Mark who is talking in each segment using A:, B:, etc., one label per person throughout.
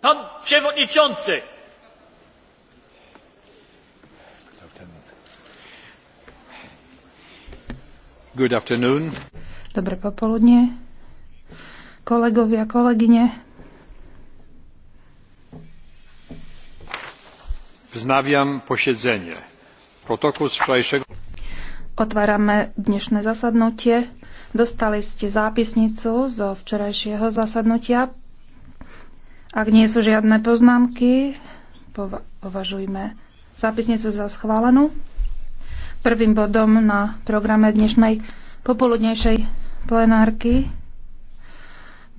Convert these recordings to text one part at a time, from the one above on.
A: Pan przewodniczący!
B: Good afternoon.
C: Dobré popoludne, kolegovia, kolegyne. Vznaviam posiedzenie. Protokol z včerajšieho... Otvárame dnešné zasadnutie. Dostali ste zápisnicu zo včerajšieho zasadnutia. Ak nie sú žiadne poznámky, považujme zápisnicu za schválenú. Prvým bodom na programe dnešnej popoludnejšej plenárky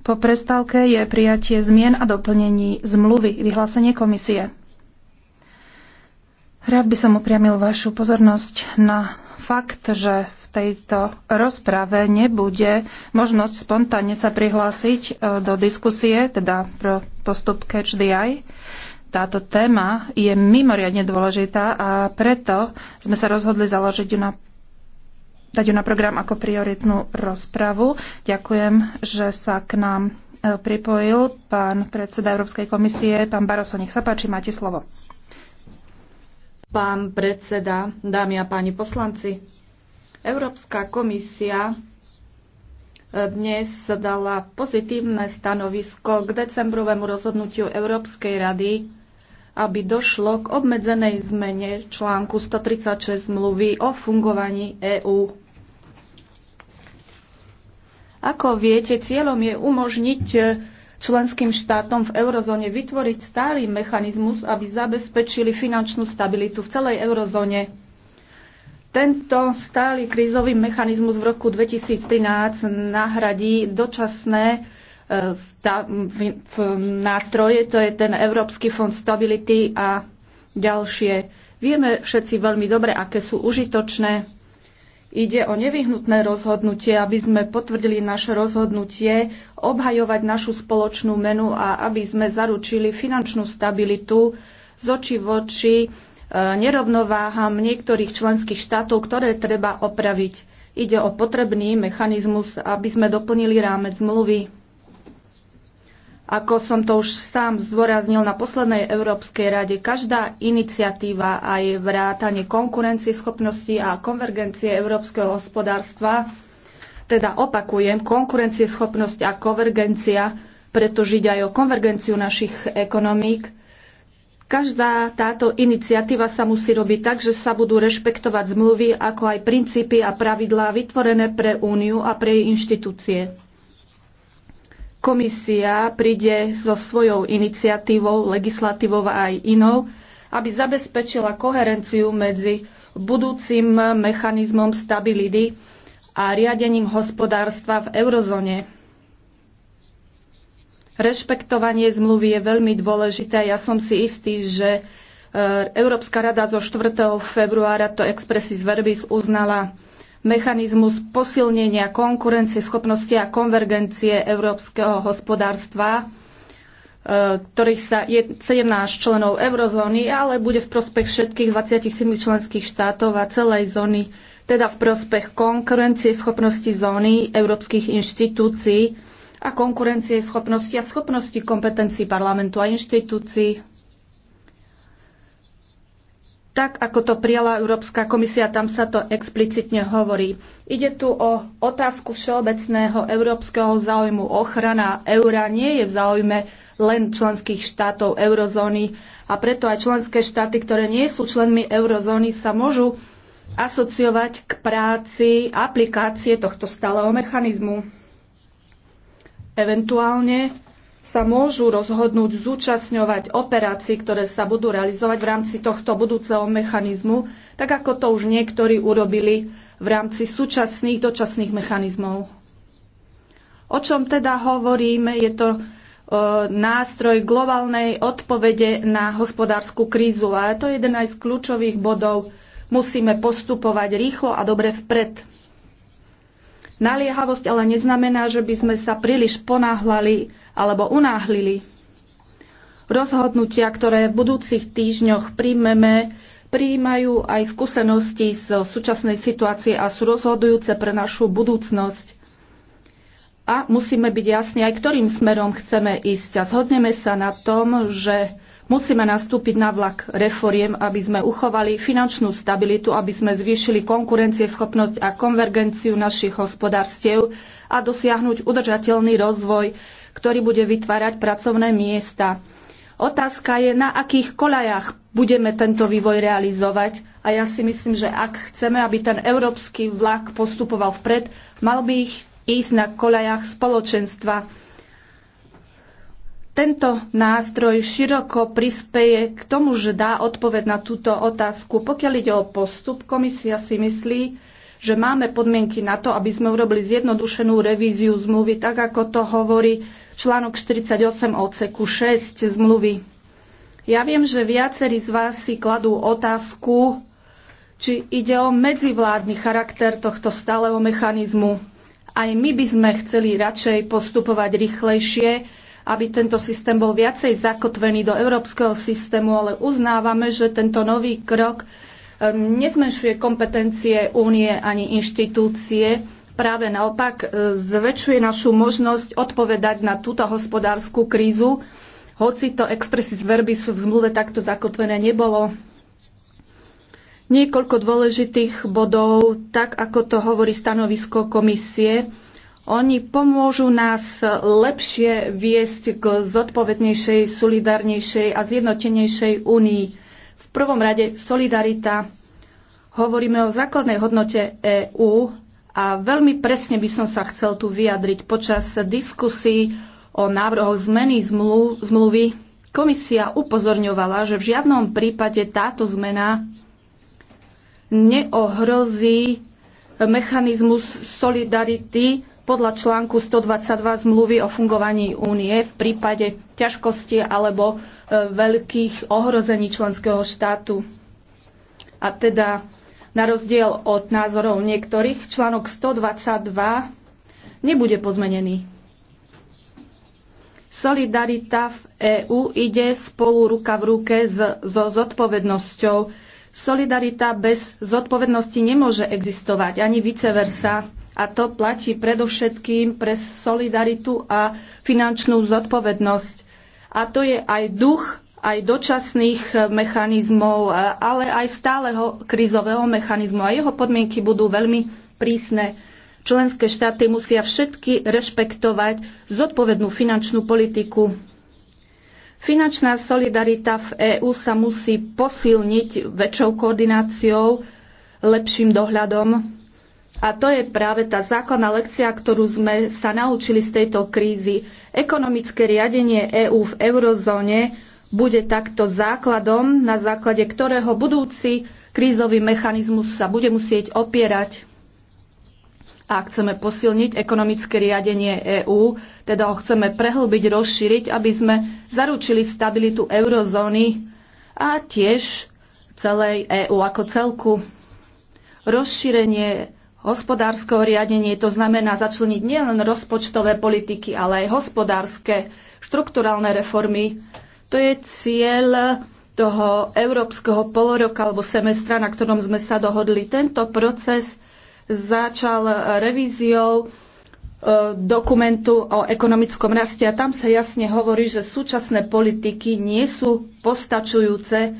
C: po prestávke je prijatie zmien a doplnení zmluvy, vyhlásenie komisie. Rád by som upriamil vašu pozornosť na fakt, že v tejto rozprave nebude možnosť spontánne sa prihlásiť e, do diskusie, teda pro postup Catch the Eye. Táto téma je mimoriadne dôležitá a preto sme sa rozhodli založiť ju na dať ju na program ako prioritnú rozpravu. Ďakujem, že sa k nám e, pripojil pán predseda Európskej komisie, pán Baroso. Nech sa páči,
A: máte slovo. Pán predseda, dámy a páni poslanci, Európska komisia eh, dnes dala pozitívne stanovisko k decembrovému rozhodnutiu Európskej rady, aby došlo k obmedzenej zmene článku 136 zmluvy o fungovaní EÚ. Ako viete, cieľom je umožniť eh, členským štátom v eurozóne vytvoriť stály mechanizmus, aby zabezpečili finančnú stabilitu v celej eurozóne. Tento stály krízový mechanizmus v roku 2013 nahradí dočasné e, nástroje, to je ten Európsky fond stability a ďalšie. Vieme všetci veľmi dobre, aké sú užitočné Ide o nevyhnutné rozhodnutie, aby sme potvrdili naše rozhodnutie obhajovať našu spoločnú menu a aby sme zaručili finančnú stabilitu z oči voči e, nerovnováham niektorých členských štátov, ktoré treba opraviť. Ide o potrebný mechanizmus, aby sme doplnili rámec zmluvy. Ako som to už sám zdôraznil na poslednej Európskej rade, každá iniciatíva aj vrátanie konkurencieschopnosti a konvergencie európskeho hospodárstva, teda opakujem, konkurencieschopnosť a konvergencia, pretože ide aj o konvergenciu našich ekonomík, každá táto iniciatíva sa musí robiť tak, že sa budú rešpektovať zmluvy, ako aj princípy a pravidlá vytvorené pre Úniu a pre jej inštitúcie komisia príde so svojou iniciatívou, legislatívou a aj inou, aby zabezpečila koherenciu medzi budúcim mechanizmom stability a riadením hospodárstva v eurozóne. Rešpektovanie zmluvy je veľmi dôležité. Ja som si istý, že e, Európska rada zo 4. februára to expressis verbis uznala mechanizmus posilnenia konkurencie, schopnosti a konvergencie európskeho hospodárstva, e, ktorých sa je 17 členov eurozóny, ale bude v prospech všetkých 27 členských štátov a celej zóny, teda v prospech konkurencie schopnosti zóny európskych inštitúcií a konkurencie schopnosti a schopnosti kompetencií parlamentu a inštitúcií tak ako to prijala Európska komisia, tam sa to explicitne hovorí. Ide tu o otázku všeobecného európskeho záujmu. Ochrana eura nie je v záujme len členských štátov eurozóny a preto aj členské štáty, ktoré nie sú členmi eurozóny, sa môžu asociovať k práci aplikácie tohto stáleho mechanizmu. Eventuálne sa môžu rozhodnúť zúčastňovať operácií, ktoré sa budú realizovať v rámci tohto budúceho mechanizmu, tak ako to už niektorí urobili v rámci súčasných dočasných mechanizmov. O čom teda hovoríme, je to e, nástroj globálnej odpovede na hospodárskú krízu. A to je jeden aj z kľúčových bodov. Musíme postupovať rýchlo a dobre vpred. Naliehavosť ale neznamená, že by sme sa príliš ponáhlali alebo unáhlili. Rozhodnutia, ktoré v budúcich týždňoch príjmeme, prijímajú aj skúsenosti z súčasnej situácie a sú rozhodujúce pre našu budúcnosť. A musíme byť jasní aj, ktorým smerom chceme ísť. A zhodneme sa na tom, že musíme nastúpiť na vlak reforiem, aby sme uchovali finančnú stabilitu, aby sme zvýšili konkurencieschopnosť a konvergenciu našich hospodárstiev a dosiahnuť udržateľný rozvoj ktorý bude vytvárať pracovné miesta. Otázka je, na akých kolajach budeme tento vývoj realizovať a ja si myslím, že ak chceme, aby ten európsky vlak postupoval vpred, mal by ich ísť na kolajach spoločenstva. Tento nástroj široko prispeje k tomu, že dá odpoveď na túto otázku. Pokiaľ ide o postup, komisia si myslí, že máme podmienky na to, aby sme urobili zjednodušenú revíziu zmluvy, tak ako to hovorí článok 48 odseku 6 zmluvy. Ja viem, že viacerí z vás si kladú otázku, či ide o medzivládny charakter tohto stáleho mechanizmu. Aj my by sme chceli radšej postupovať rýchlejšie, aby tento systém bol viacej zakotvený do európskeho systému, ale uznávame, že tento nový krok ehm, nezmenšuje kompetencie únie ani inštitúcie, práve naopak e, zväčšuje našu možnosť odpovedať na túto hospodárskú krízu, hoci to expressis verbis v zmluve takto zakotvené nebolo. Niekoľko dôležitých bodov, tak ako to hovorí stanovisko komisie, oni pomôžu nás lepšie viesť k zodpovednejšej, solidárnejšej a zjednotenejšej únii. V prvom rade solidarita. Hovoríme o základnej hodnote EÚ a veľmi presne by som sa chcel tu vyjadriť počas diskusí o návrhoch zmeny zmluv, zmluvy. Komisia upozorňovala, že v žiadnom prípade táto zmena neohrozí mechanizmus solidarity podľa článku 122 zmluvy o fungovaní únie v prípade ťažkosti alebo e, veľkých ohrození členského štátu. A teda na rozdiel od názorov niektorých, článok 122 nebude pozmenený. Solidarita v EÚ ide spolu ruka v ruke so zodpovednosťou. Solidarita bez zodpovednosti nemôže existovať, ani vice versa. A to platí predovšetkým pre solidaritu a finančnú zodpovednosť. A to je aj duch aj dočasných e, mechanizmov, e, ale aj stáleho krízového mechanizmu. A jeho podmienky budú veľmi prísne. Členské štáty musia všetky rešpektovať zodpovednú finančnú politiku. Finančná solidarita v EÚ sa musí posilniť väčšou koordináciou, lepším dohľadom. A to je práve tá základná lekcia, ktorú sme sa naučili z tejto krízy. Ekonomické riadenie EÚ v eurozóne bude takto základom, na základe ktorého budúci krízový mechanizmus sa bude musieť opierať a chceme posilniť ekonomické riadenie EÚ, teda ho chceme prehlbiť, rozšíriť, aby sme zaručili stabilitu eurozóny a tiež celej EÚ ako celku. Rozšírenie hospodárskeho riadenie to znamená začleniť nielen rozpočtové politiky, ale aj hospodárske, štrukturálne reformy, to je cieľ toho európskeho poloroka alebo semestra, na ktorom sme sa dohodli. Tento proces začal revíziou e, dokumentu o ekonomickom raste a tam sa jasne hovorí, že súčasné politiky nie sú postačujúce.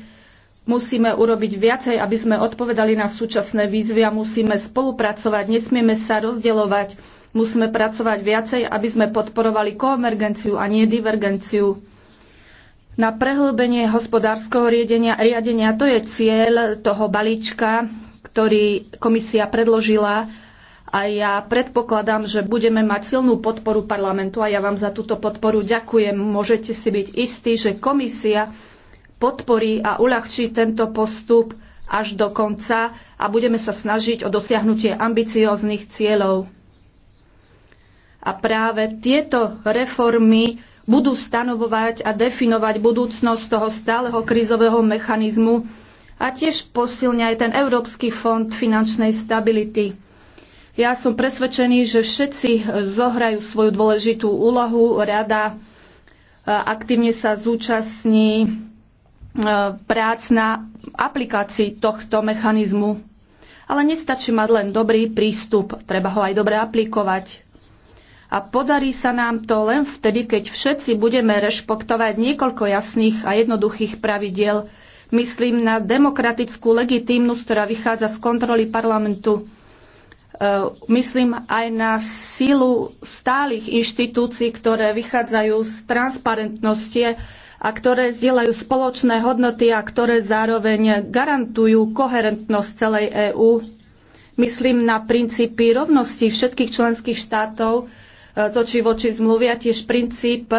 A: Musíme urobiť viacej, aby sme odpovedali na súčasné výzvy a musíme spolupracovať, nesmieme sa rozdeľovať, musíme pracovať viacej, aby sme podporovali konvergenciu a nie divergenciu na prehlbenie hospodárskeho riadenia, riadenia. To je cieľ toho balíčka, ktorý komisia predložila a ja predpokladám, že budeme mať silnú podporu parlamentu a ja vám za túto podporu ďakujem. Môžete si byť istí, že komisia podporí a uľahčí tento postup až do konca a budeme sa snažiť o dosiahnutie ambicióznych cieľov. A práve tieto reformy budú stanovovať a definovať budúcnosť toho stáleho krízového mechanizmu a tiež posilňa aj ten Európsky fond finančnej stability. Ja som presvedčený, že všetci zohrajú svoju dôležitú úlohu. Rada e, aktívne sa zúčastní e, prác na aplikácii tohto mechanizmu. Ale nestačí mať len dobrý prístup, treba ho aj dobre aplikovať. A podarí sa nám to len vtedy, keď všetci budeme rešpektovať niekoľko jasných a jednoduchých pravidiel. Myslím na demokratickú legitímnosť, ktorá vychádza z kontroly parlamentu. E, myslím aj na sílu stálych inštitúcií, ktoré vychádzajú z transparentnosti a ktoré zdieľajú spoločné hodnoty a ktoré zároveň garantujú koherentnosť celej EÚ. Myslím na princípy rovnosti všetkých členských štátov, E, očí v oči zmluvia tiež princíp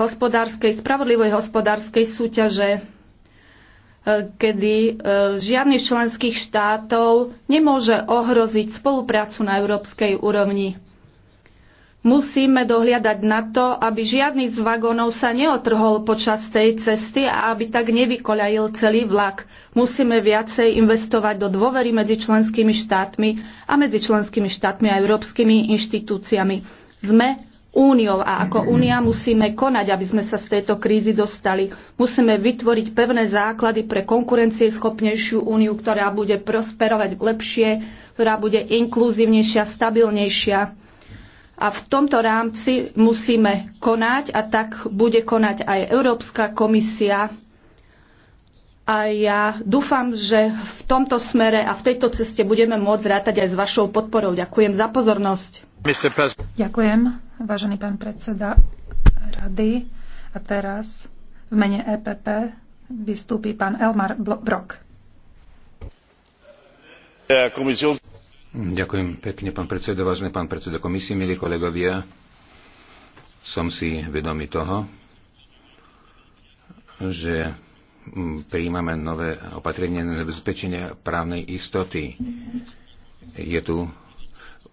A: hospodárskej, spravodlivej hospodárskej súťaže, e, kedy e, žiadny z členských štátov nemôže ohroziť spoluprácu na európskej úrovni. Musíme dohliadať na to, aby žiadny z vagónov sa neotrhol počas tej cesty a aby tak nevykoľajil celý vlak. Musíme viacej investovať do dôvery medzi členskými štátmi a medzi členskými štátmi a európskymi inštitúciami sme úniou a ako únia musíme konať, aby sme sa z tejto krízy dostali. Musíme vytvoriť pevné základy pre konkurencieschopnejšiu úniu, ktorá bude prosperovať lepšie, ktorá bude inkluzívnejšia, stabilnejšia. A v tomto rámci musíme konať a tak bude konať aj Európska komisia. A ja dúfam, že v tomto smere a v tejto ceste budeme môcť rátať aj s vašou podporou. Ďakujem za pozornosť. Ďakujem,
C: vážený pán predseda rady. A teraz v mene EPP vystúpi pán Elmar Brok.
B: Ďakujem pekne, pán predseda, vážený pán predseda komisie, milí kolegovia. Som si vedomý toho, že prijímame nové opatrenie na zabezpečenie právnej istoty. Je tu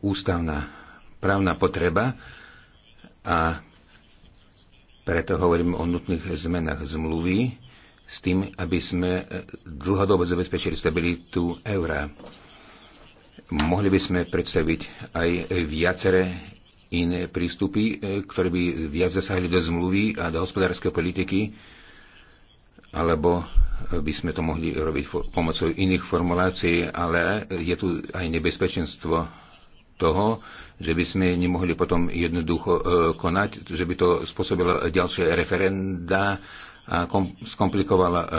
B: ústavná právna potreba a preto hovorím o nutných zmenách zmluvy s tým, aby sme dlhodobo zabezpečili stabilitu eura. Mohli by sme predstaviť aj viaceré iné prístupy, e, ktoré by viac zasahli do zmluvy a do hospodárskej politiky, alebo by sme to mohli robiť pomocou iných formulácií, ale je tu aj nebezpečenstvo toho, že by sme nemohli potom jednoducho e, konať, že by to spôsobilo ďalšie referenda a kom, skomplikovala e,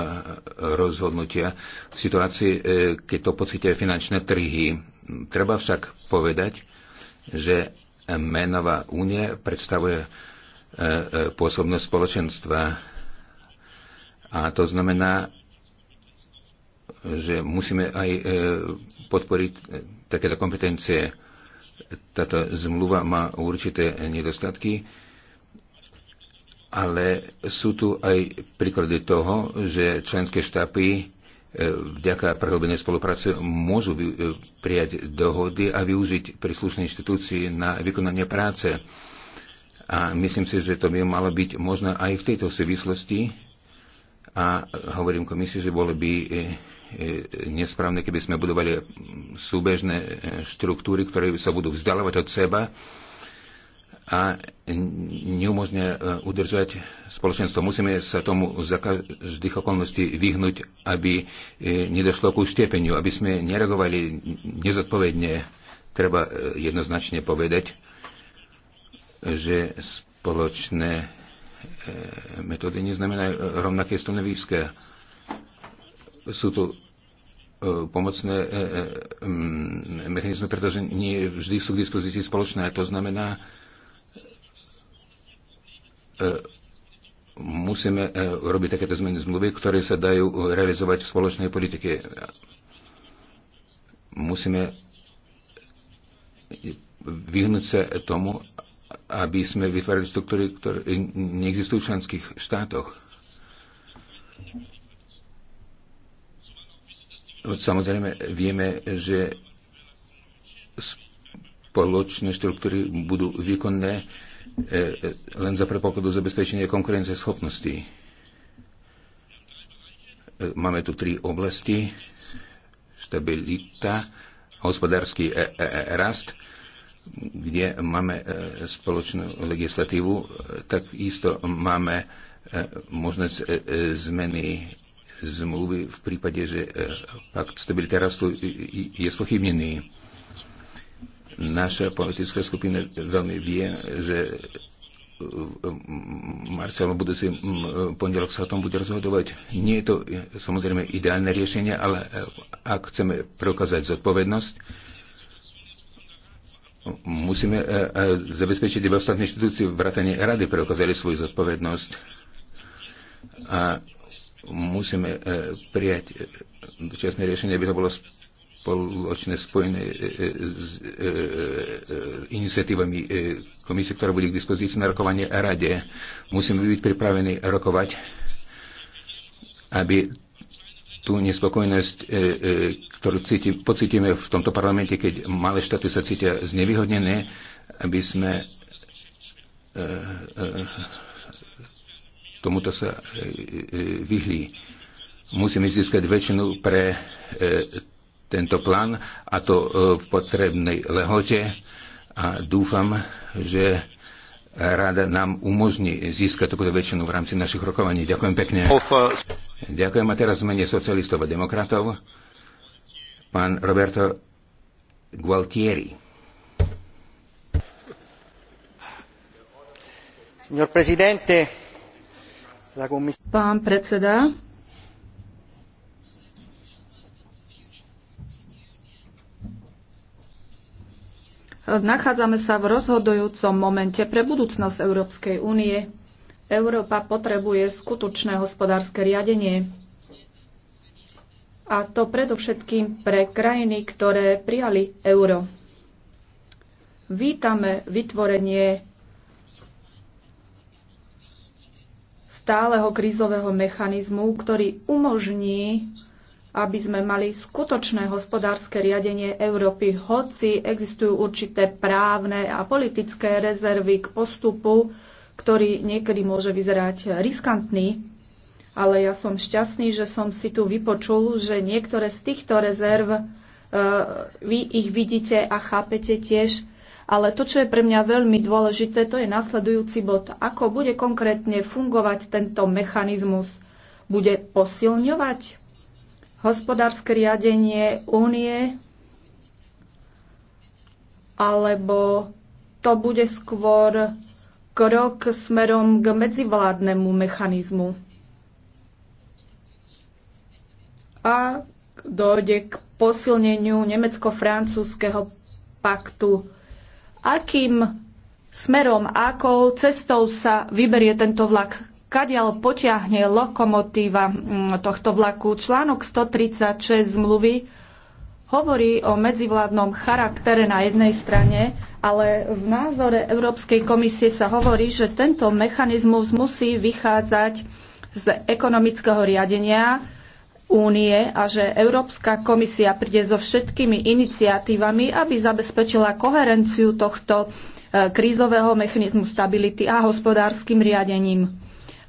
B: rozhodnutia v situácii, e, keď to pocítia finančné trhy. Treba však povedať, že menová únia predstavuje pôsobnosť spoločenstva a to znamená, že musíme aj podporiť takéto kompetencie táto zmluva má určité nedostatky, ale sú tu aj príklady toho, že členské štáty e, vďaka prehlbenej spolupráce môžu e, prijať dohody a využiť príslušné inštitúcie na vykonanie práce. A myslím si, že to by malo byť možné aj v tejto súvislosti. A hovorím komisii, že bolo by e, E, nesprávne, keby sme budovali súbežné e, štruktúry, ktoré sa budú vzdialovať od seba a neumožňuje udržať spoločenstvo. Musíme sa tomu za každých okolností vyhnúť, aby e, nedošlo ku štiepeniu, aby sme nereagovali nezodpovedne. Treba jednoznačne povedať, že spoločné metódy neznamenajú rovnaké stanoviska. Sú tu E, pomocné e, e, mechanizmy, pretože nie vždy sú k dispozícii spoločné. A to znamená, musíme robiť takéto zmeny zmluvy, ktoré sa dajú realizovať v spoločnej politike. Musíme vyhnúť sa tomu, aby sme vytvárali štruktúry, ktoré neexistujú v členských štátoch. Samozrejme, vieme, že spoločné štruktúry budú výkonné e, e, len za predpokladu zabezpečenia konkurenceschopnosti. E, máme tu tri oblasti. Stabilita, hospodársky rast, kde máme spoločnú legislatívu, tak isto máme možnosť zmeny zmluvy v prípade, že e, pakt stability rastu je spochybnený. Naša politická skupina veľmi vie, že e, Marcel si pondelok sa o tom bude rozhodovať. Nie je to e, samozrejme ideálne riešenie, ale ak chceme preukázať zodpovednosť, musíme zabezpečiť, aby ostatné inštitúcie vrátane rady preukázali svoju zodpovednosť. A musíme e, prijať dočasné e, riešenie, aby to bolo spoločné spojené e, s iniciatívami komisie, ktorá bude k dispozícii na rokovanie a rade. Musíme byť pripravení rokovať, aby tú nespokojnosť, ktorú cítim, pocítime v tomto parlamente, keď malé štáty sa cítia znevýhodnené, aby sme Tomuto sa e, e, vyhli. Musíme získať väčšinu pre e, tento plán a to v potrebnej lehote a dúfam, že rada nám umožní získať takúto väčšinu v rámci našich rokovaní. Ďakujem pekne. Ďakujem a teraz v mene socialistov a demokratov pán Roberto Gualtieri.
A: Signor Presidente, Pán predseda, Nachádzame sa v rozhodujúcom momente pre budúcnosť Európskej únie. Európa potrebuje skutočné hospodárske riadenie. A to predovšetkým pre krajiny, ktoré prijali euro. Vítame vytvorenie stáleho krízového mechanizmu, ktorý umožní, aby sme mali skutočné hospodárske riadenie Európy, hoci existujú určité právne a politické rezervy k postupu, ktorý niekedy môže vyzerať riskantný. Ale ja som šťastný, že som si tu vypočul, že niektoré z týchto rezerv eh, vy ich vidíte a chápete tiež ale to, čo je pre mňa veľmi dôležité, to je nasledujúci bod. Ako bude konkrétne fungovať tento mechanizmus? Bude posilňovať hospodárske riadenie únie alebo to bude skôr krok smerom k medzivládnemu mechanizmu. A dojde k posilneniu nemecko-francúzského paktu akým smerom, akou cestou sa vyberie tento vlak, kadiaľ potiahne lokomotíva mm, tohto vlaku. Článok 136 zmluvy hovorí o medzivládnom charaktere na jednej strane, ale v názore Európskej komisie sa hovorí, že tento mechanizmus musí vychádzať z ekonomického riadenia, únie a že Európska komisia príde so všetkými iniciatívami, aby zabezpečila koherenciu tohto e, krízového mechanizmu stability a hospodárskym riadením.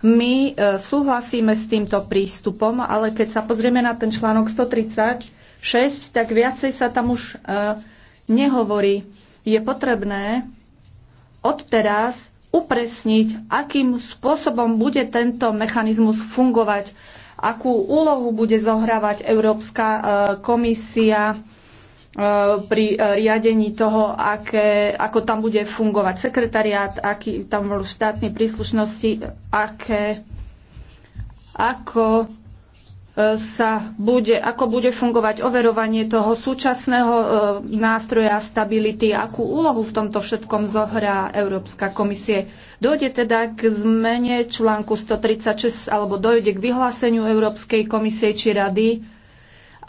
A: My e, súhlasíme s týmto prístupom, ale keď sa pozrieme na ten článok 136, tak viacej sa tam už e, nehovorí. Je potrebné odteraz upresniť, akým spôsobom bude tento mechanizmus fungovať akú úlohu bude zohrávať Európska e, komisia e, pri e, riadení toho, aké, ako tam bude fungovať sekretariát, aký tam bol štátne príslušnosti, aké, ako E, sa bude, ako bude fungovať overovanie toho súčasného e, nástroja stability, akú úlohu v tomto všetkom zohrá Európska komisie. Dojde teda k zmene článku 136 alebo dojde k vyhláseniu Európskej komisie či rady,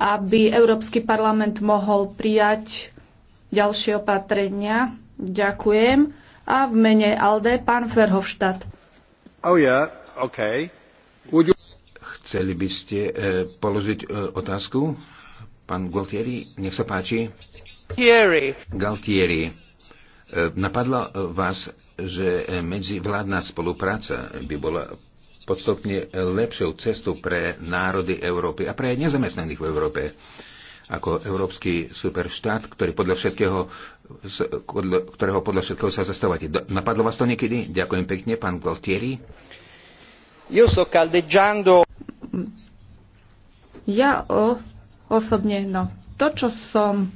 A: aby Európsky parlament mohol prijať ďalšie opatrenia. Ďakujem. A v mene ALDE pán Ferhovštát.
B: Oh yeah, okay. Would you... Chceli by ste e, položiť e, otázku? Pán Gualtieri, nech sa páči.
A: Galtieri.
B: Galtieri. E, napadlo vás, že medzivládna spolupráca by bola podstatne lepšou cestou pre národy Európy a pre nezamestnaných v Európe ako európsky superštát, ktorý podľa všetkého, ktorého podľa všetkého sa zastávate. Napadlo vás to niekedy? Ďakujem pekne, pán Gualtieri. Io sto caldeggiando
A: ja o, osobne, no to, čo som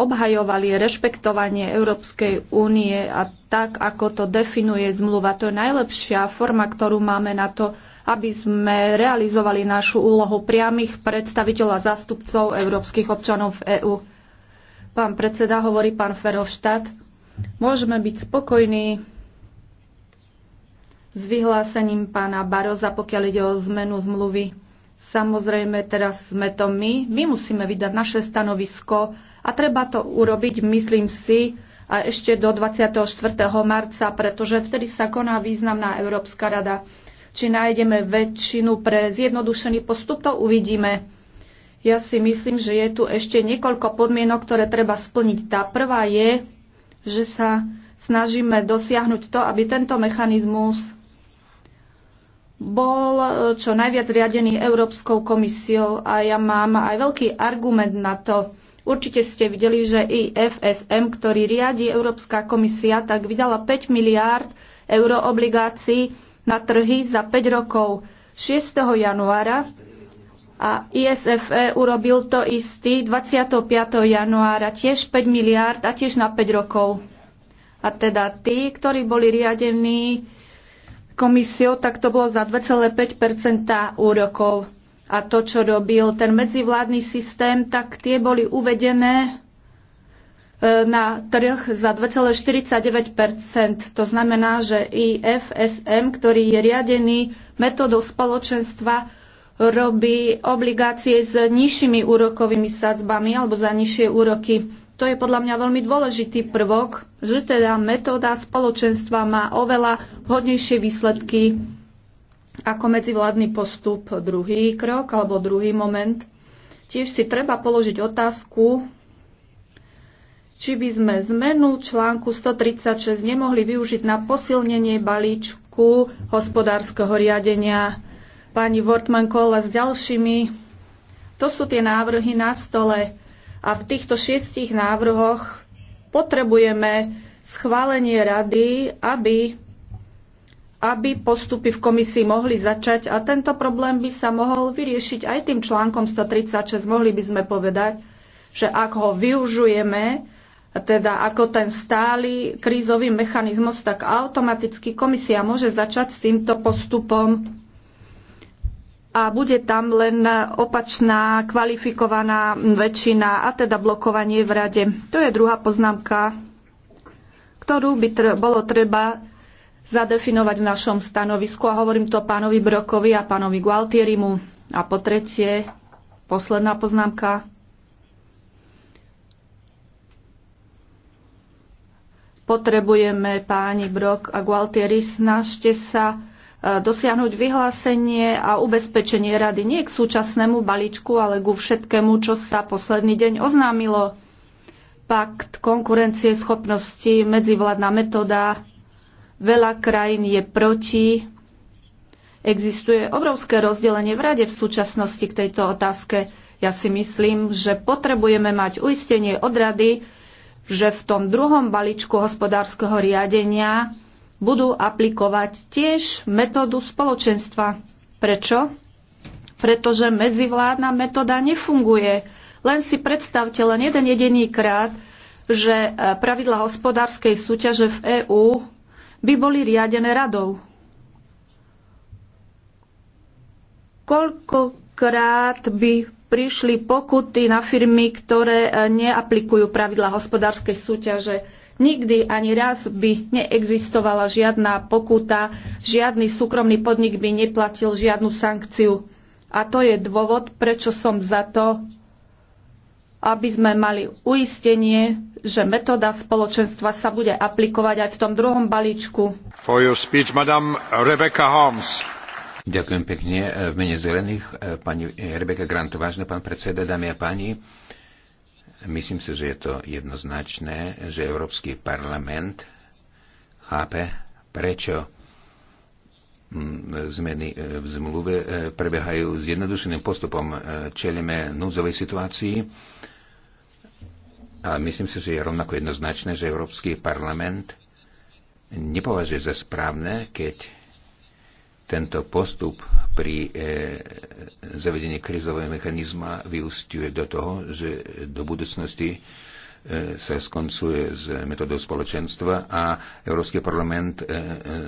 A: obhajoval, je rešpektovanie Európskej únie a tak, ako to definuje zmluva. To je najlepšia forma, ktorú máme na to, aby sme realizovali našu úlohu priamých predstaviteľov a zástupcov európskych občanov v EÚ. Pán predseda, hovorí pán Ferovštát, môžeme byť spokojní s vyhlásením pána Baroza, pokiaľ ide o zmenu zmluvy Samozrejme, teraz sme to my. My musíme vydať naše stanovisko a treba to urobiť, myslím si, a ešte do 24. marca, pretože vtedy sa koná významná Európska rada. Či nájdeme väčšinu pre zjednodušený postup, to uvidíme. Ja si myslím, že je tu ešte niekoľko podmienok, ktoré treba splniť. Tá prvá je, že sa snažíme dosiahnuť to, aby tento mechanizmus bol e, čo najviac riadený Európskou komisiou a ja mám aj veľký argument na to. Určite ste videli, že i FSM, ktorý riadi Európska komisia, tak vydala 5 miliárd euro obligácií na trhy za 5 rokov 6. januára a ISFE urobil to istý 25. januára tiež 5 miliárd a tiež na 5 rokov. A teda tí, ktorí boli riadení komisiou, tak to bolo za 2,5 úrokov. A to, čo robil ten medzivládny systém, tak tie boli uvedené e, na trh za 2,49 To znamená, že IFSM, ktorý je riadený metodou spoločenstva, robí obligácie s nižšími úrokovými sadzbami alebo za nižšie úroky. To je podľa mňa veľmi dôležitý prvok, že teda metóda spoločenstva má oveľa hodnejšie výsledky ako medzivládny postup. Druhý krok alebo druhý moment. Tiež si treba položiť otázku, či by sme zmenu článku 136 nemohli využiť na posilnenie balíčku hospodárskeho riadenia pani Wortmann Kohl s ďalšími. To sú tie návrhy na stole. A v týchto šiestich návrhoch potrebujeme schválenie rady, aby, aby postupy v komisii mohli začať a tento problém by sa mohol vyriešiť aj tým článkom 136. Mohli by sme povedať, že ak ho využujeme, teda ako ten stály krízový mechanizmus, tak automaticky komisia môže začať s týmto postupom a bude tam len opačná kvalifikovaná väčšina a teda blokovanie v rade. To je druhá poznámka, ktorú by tr- bolo treba zadefinovať v našom stanovisku a hovorím to pánovi Brokovi a pánovi Gualtierimu. A po tretie, posledná poznámka. Potrebujeme páni Brok a Gualtieri, snažte sa dosiahnuť vyhlásenie a ubezpečenie rady nie k súčasnému balíčku, ale ku všetkému, čo sa posledný deň oznámilo. Pakt konkurencie schopnosti, medzivládna metóda, veľa krajín je proti. Existuje obrovské rozdelenie v rade v súčasnosti k tejto otázke. Ja si myslím, že potrebujeme mať uistenie od rady, že v tom druhom balíčku hospodárskeho riadenia budú aplikovať tiež metódu spoločenstva. Prečo? Pretože medzivládna metóda nefunguje. Len si predstavte len jeden jediný krát, že e, pravidla hospodárskej súťaže v EÚ by boli riadené radou. Koľkokrát by prišli pokuty na firmy, ktoré e, neaplikujú pravidla hospodárskej súťaže? Nikdy ani raz by neexistovala žiadna pokuta, žiadny súkromný podnik by neplatil žiadnu sankciu. A to je dôvod, prečo som za to, aby sme mali uistenie, že metóda spoločenstva sa bude aplikovať aj v tom druhom balíčku.
B: For your speech, Madam Rebecca Holmes. Ďakujem pekne. V mene zelených e, pani Rebeka Grant, vážne pán predseda, dámy a páni. Myslím si, že je to jednoznačné, že Európsky parlament chápe, prečo mm, zmeny e, v zmluve e, prebiehajú s jednodušeným postupom. E, čelíme núdzovej situácii a myslím si, že je rovnako jednoznačné, že Európsky parlament nepovažuje za správne, keď tento postup pri e, zavedení krizového mechanizma vyústiuje do toho, že do budúcnosti e, sa skoncuje s metodou spoločenstva a Európsky parlament e, e,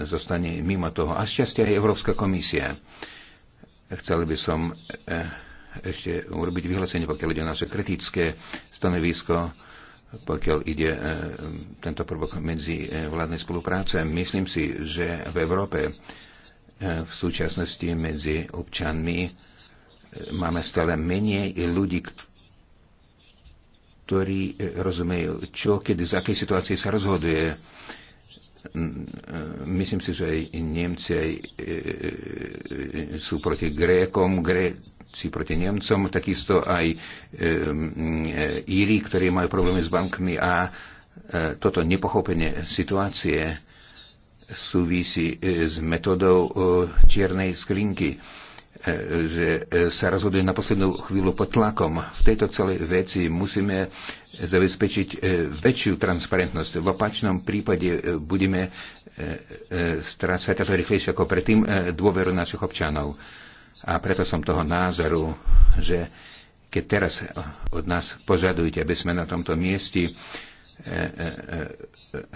B: zostane mimo toho. A šťastie aj Európska komisia. Chcel by som e, ešte urobiť vyhlásenie, pokiaľ ide o naše kritické stanovisko pokiaľ ide e, tento prvok medzi e, vládnej spolupráce. Myslím si, že v Európe E, v súčasnosti medzi občanmi. E, máme stále menej ľudí, ktorí e, rozumejú, čo, kedy, z akej situácii sa rozhoduje. Myslím si, že aj Nemci sú proti Grékom, Gréci proti Nemcom, takisto aj Íri, ktorí majú problémy s bankmi a toto nepochopenie situácie súvisí e, s metodou e, čiernej skrinky e, že sa rozhoduje na poslednú chvíľu pod tlakom. V tejto celej veci musíme zabezpečiť väčšiu transparentnosť. V opačnom prípade budeme strácať, a to rýchlejšie ako predtým, dôveru našich občanov. A preto som toho názoru, že keď teraz od nás požadujete, aby sme na tomto mieste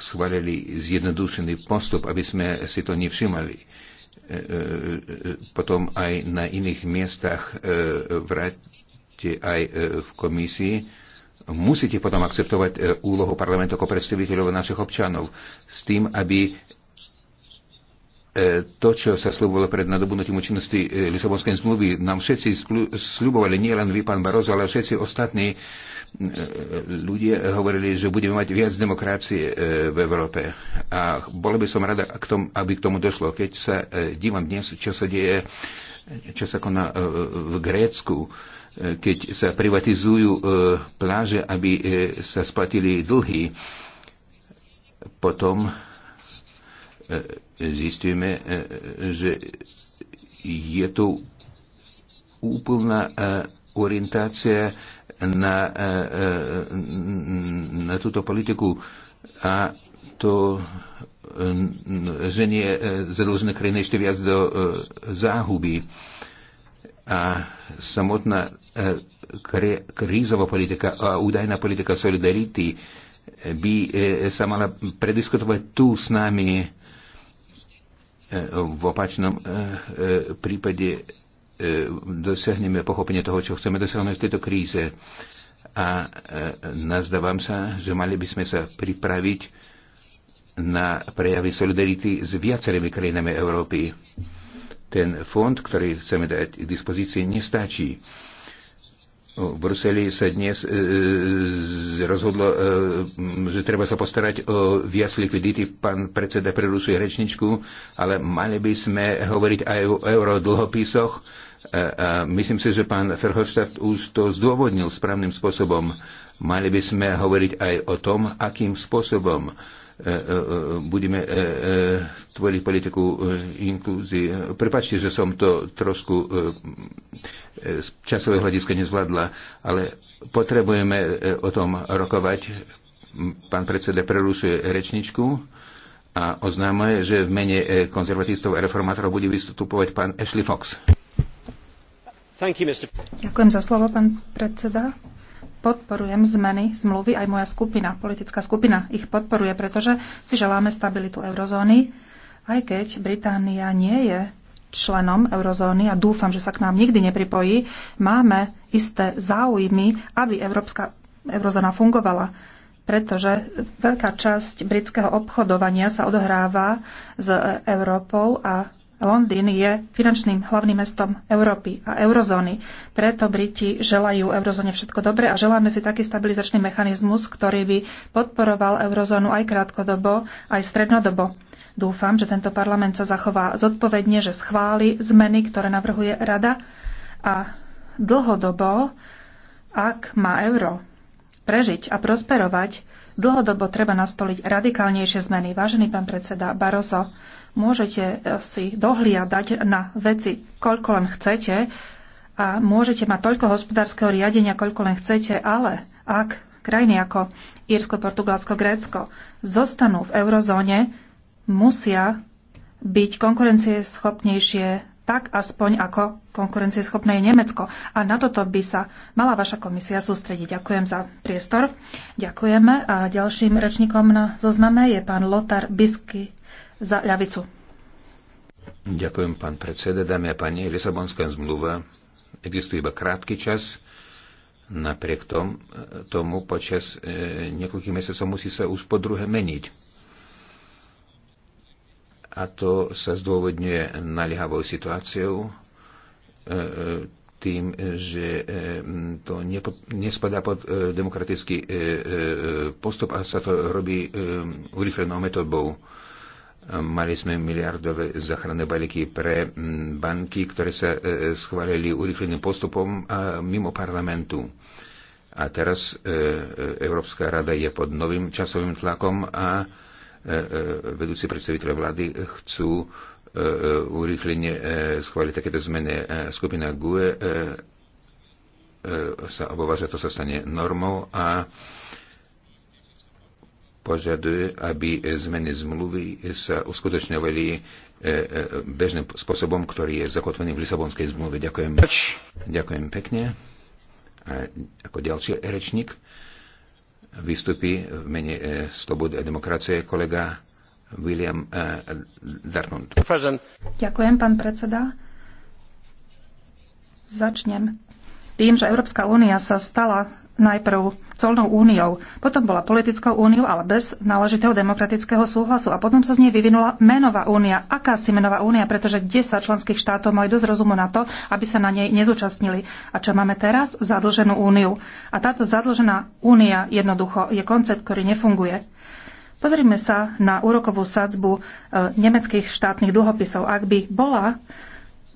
B: schválili zjednodušený postup, aby sme si to nevšimali. E, e, e, potom aj na iných miestach vráte aj v komisii musíte potom akceptovať úlohu parlamentu ako predstaviteľov našich občanov s tým, aby to, čo sa slúbovalo pred nadobudnutím účinnosti Lisabonskej zmluvy, nám všetci slúbovali, nie len vy, pán Barozo, ale všetci ostatní ľudia hovorili, že budeme mať viac demokracie e, v Európe. A bola by som rada, k tomu, aby k tomu došlo. Keď sa e, dívam dnes, čo sa deje, čo sa koná e, v Grécku, keď sa privatizujú pláže, aby sa splatili dlhy, potom zistujeme, že je tu úplná orientácia na, e, e, na túto politiku a to e, ženie zadlžené krajiny ešte viac do záhuby. A samotná krízová politika a údajná politika solidarity by sa mala prediskutovať tu s nami. V opačnom prípade E, dosiahneme pochopenie toho, čo chceme dosiahnuť v tejto kríze. A e, nazdávam sa, že mali by sme sa pripraviť na prejavy solidarity s viacerými krajinami Európy. Ten fond, ktorý chceme dať k dispozícii, nestačí. V Bruseli sa dnes e, rozhodlo, e, že treba sa postarať o viac likvidity. Pán predseda prerušuje rečničku, ale mali by sme hovoriť aj o eurodlhopisoch, a e, e, myslím si, že pán Ferhofstadt už to zdôvodnil správnym spôsobom. Mali by sme hovoriť aj o tom, akým spôsobom e, budeme tvoriť politiku inklúzie. Prepačte, že som to trošku z časového hľadiska nezvládla, ale potrebujeme o tom rokovať. Pán predseda prerušuje rečničku a oznámuje, že v mene konzervatistov a reformátorov bude vystupovať pán Ashley Fox.
A: Ďakujem
C: za slovo, pán predseda. Podporujem zmeny zmluvy, aj moja skupina, politická skupina ich podporuje, pretože si želáme stabilitu eurozóny, aj keď Británia nie je členom eurozóny a dúfam, že sa k nám nikdy nepripojí, máme isté záujmy, aby Európska eurozóna fungovala pretože veľká časť britského obchodovania sa odohráva s Európou a Londýn je finančným hlavným mestom Európy a eurozóny. Preto Briti želajú eurozóne všetko dobre a želáme si taký stabilizačný mechanizmus, ktorý by podporoval eurozónu aj krátkodobo, aj strednodobo. Dúfam, že tento parlament sa zachová zodpovedne, že schváli zmeny, ktoré navrhuje Rada a dlhodobo, ak má euro prežiť a prosperovať, dlhodobo treba nastoliť radikálnejšie zmeny. Vážený pán predseda Barozo, Môžete eh, si dohliadať na veci, koľko len chcete a môžete mať toľko hospodárskeho riadenia, koľko len chcete, ale ak krajiny ako Írsko, Portugalsko, Grécko zostanú v eurozóne, musia byť konkurencieschopnejšie tak aspoň ako konkurencieschopné je Nemecko. A na toto by sa mala vaša komisia sústrediť. Ďakujem za priestor. Ďakujeme. A ďalším rečníkom na zozname je pán Lothar Bisky za ľavicu.
B: Ďakujem, pán predseda. Dámy a páni, Lisabonská zmluva existuje iba krátky čas. Napriek tom, tomu počas e, niekoľkých mesiacov musí sa už po druhé meniť. A to sa zdôvodňuje naliehavou situáciou, e, e tým, že e, to nepo, nespadá pod e, demokratický e, e, postup a sa to robí e, urychlenou metodou. E, Mali sme miliardové záchranné balíky pre mm, banky, ktoré sa e, e, schválili urychleným postupom mimo parlamentu. A teraz e, Európska rada je pod novým časovým tlakom a vedúci predstaviteľe vlády chcú urychlenie schváliť takéto zmeny. Skupina GUE sa obáva, že to sa stane normou a požaduje, aby zmeny zmluvy sa uskutočňovali e, e, bežným spôsobom, ktorý je zakotvený v Lisabonskej zmluve. Ďakujem. Ďakujem pekne. A ako ďalší rečník vystupí v mene e, Slobody a demokracie kolega William Dartmund.
C: Ďakujem, pán predseda. Začnem tým, že Európska únia sa stala najprv colnou úniou, potom bola politickou úniou, ale bez náležitého demokratického súhlasu a potom sa z nej vyvinula menová únia. Aká si menová únia, pretože 10 členských štátov mali dosť rozumu na to, aby sa na nej nezúčastnili. A čo máme teraz? Zadlženú úniu. A táto zadlžená únia jednoducho je koncept, ktorý nefunguje. Pozrime sa na úrokovú sadzbu e, nemeckých štátnych dlhopisov. Ak by bola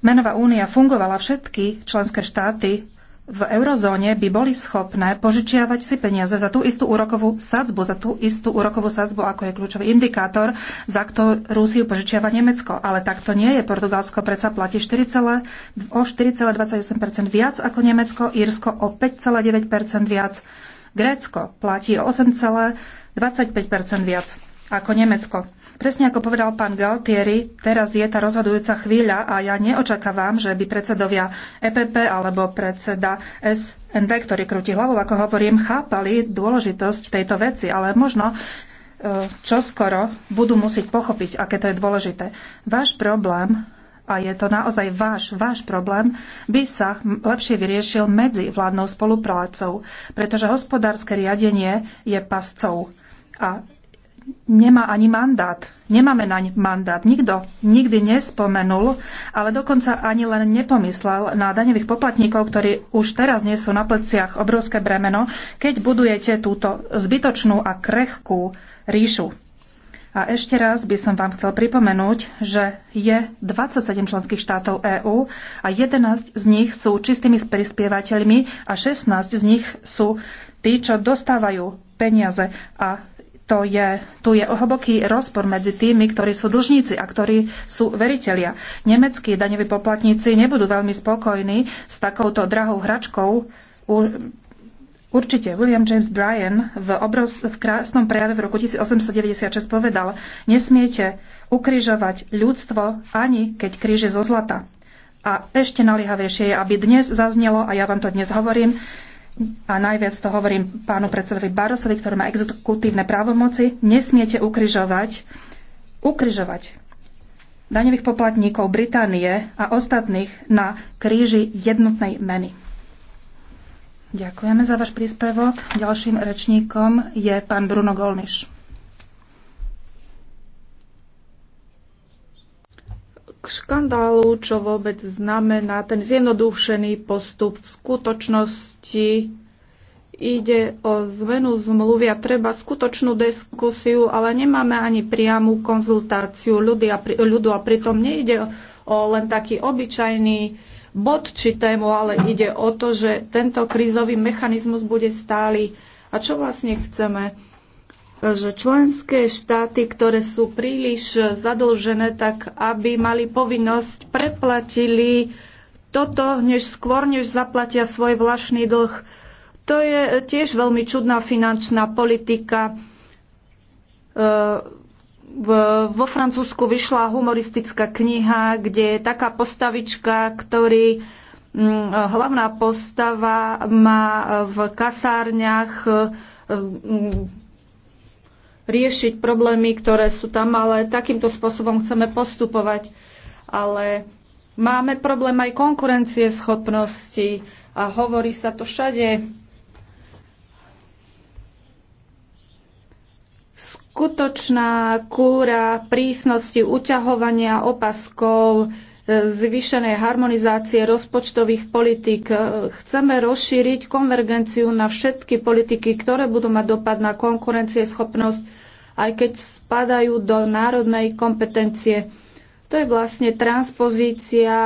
C: menová únia fungovala, všetky členské štáty v eurozóne by boli schopné požičiavať si peniaze za tú istú úrokovú sadzbu, za tú istú úrokovú sadzbu, ako je kľúčový indikátor, za ktorú si ju požičiava Nemecko. Ale takto nie je. Portugalsko predsa platí 4, o 4,28 viac ako Nemecko, Írsko o 5,9 viac, Grécko platí o 8,25 viac ako Nemecko. Presne ako povedal pán Galtieri, teraz je tá rozhodujúca chvíľa a ja neočakávam, že by predsedovia EPP alebo predseda SND, ktorý krúti hlavou, ako hovorím, chápali dôležitosť tejto veci, ale možno e, čo skoro budú musieť pochopiť, aké to je dôležité. Váš problém a je to naozaj váš, váš problém, by sa lepšie vyriešil medzi vládnou spoluprácou, pretože hospodárske riadenie je pascou. A nemá ani mandát. Nemáme naň mandát. Nikto nikdy nespomenul, ale dokonca ani len nepomyslel na daňových poplatníkov, ktorí už teraz nie sú na pleciach obrovské bremeno, keď budujete túto zbytočnú a krehkú ríšu. A ešte raz by som vám chcel pripomenúť, že je 27 členských štátov EÚ a 11 z nich sú čistými prispievateľmi a 16 z nich sú tí, čo dostávajú peniaze. A to je, tu je hlboký rozpor medzi tými, ktorí sú dlžníci a ktorí sú veritelia. Nemeckí daňoví poplatníci nebudú veľmi spokojní s takouto drahou hračkou. Určite William James Bryan v, obroz, v krásnom prejave v roku 1896 povedal, nesmiete ukrižovať ľudstvo ani keď kríže zo zlata. A ešte naliehavejšie je, aby dnes zaznelo, a ja vám to dnes hovorím, a najviac to hovorím pánu predsedovi Barosovi, ktorý má exekutívne právomoci, nesmiete ukryžovať, ukryžovať daňových poplatníkov Británie a ostatných na kríži jednotnej meny. Ďakujeme za váš príspevok. Ďalším rečníkom je pán Bruno
A: Golniš. k škandálu, čo vôbec znamená ten zjednodušený postup. V skutočnosti ide o zmenu zmluvy a treba skutočnú diskusiu, ale nemáme ani priamu konzultáciu ľudy a pri, ľudu a pritom nejde o len taký obyčajný bod či tému, ale ide o to, že tento krízový mechanizmus bude stály. A čo vlastne chceme? že členské štáty, ktoré sú príliš zadlžené, tak aby mali povinnosť preplatili toto, než skôr, než zaplatia svoj vlastný dlh. To je tiež veľmi čudná finančná politika. E, vo Francúzsku vyšla humoristická kniha, kde je taká postavička, ktorý mm, hlavná postava má v kasárniach e, mm, riešiť problémy, ktoré sú tam, ale takýmto spôsobom chceme postupovať. Ale máme problém aj konkurencie schopnosti a hovorí sa to všade. Skutočná kúra prísnosti uťahovania opaskov, zvýšenej harmonizácie rozpočtových politik. Chceme rozšíriť konvergenciu na všetky politiky, ktoré budú mať dopad na konkurencieschopnosť, aj keď spadajú do národnej kompetencie. To je vlastne transpozícia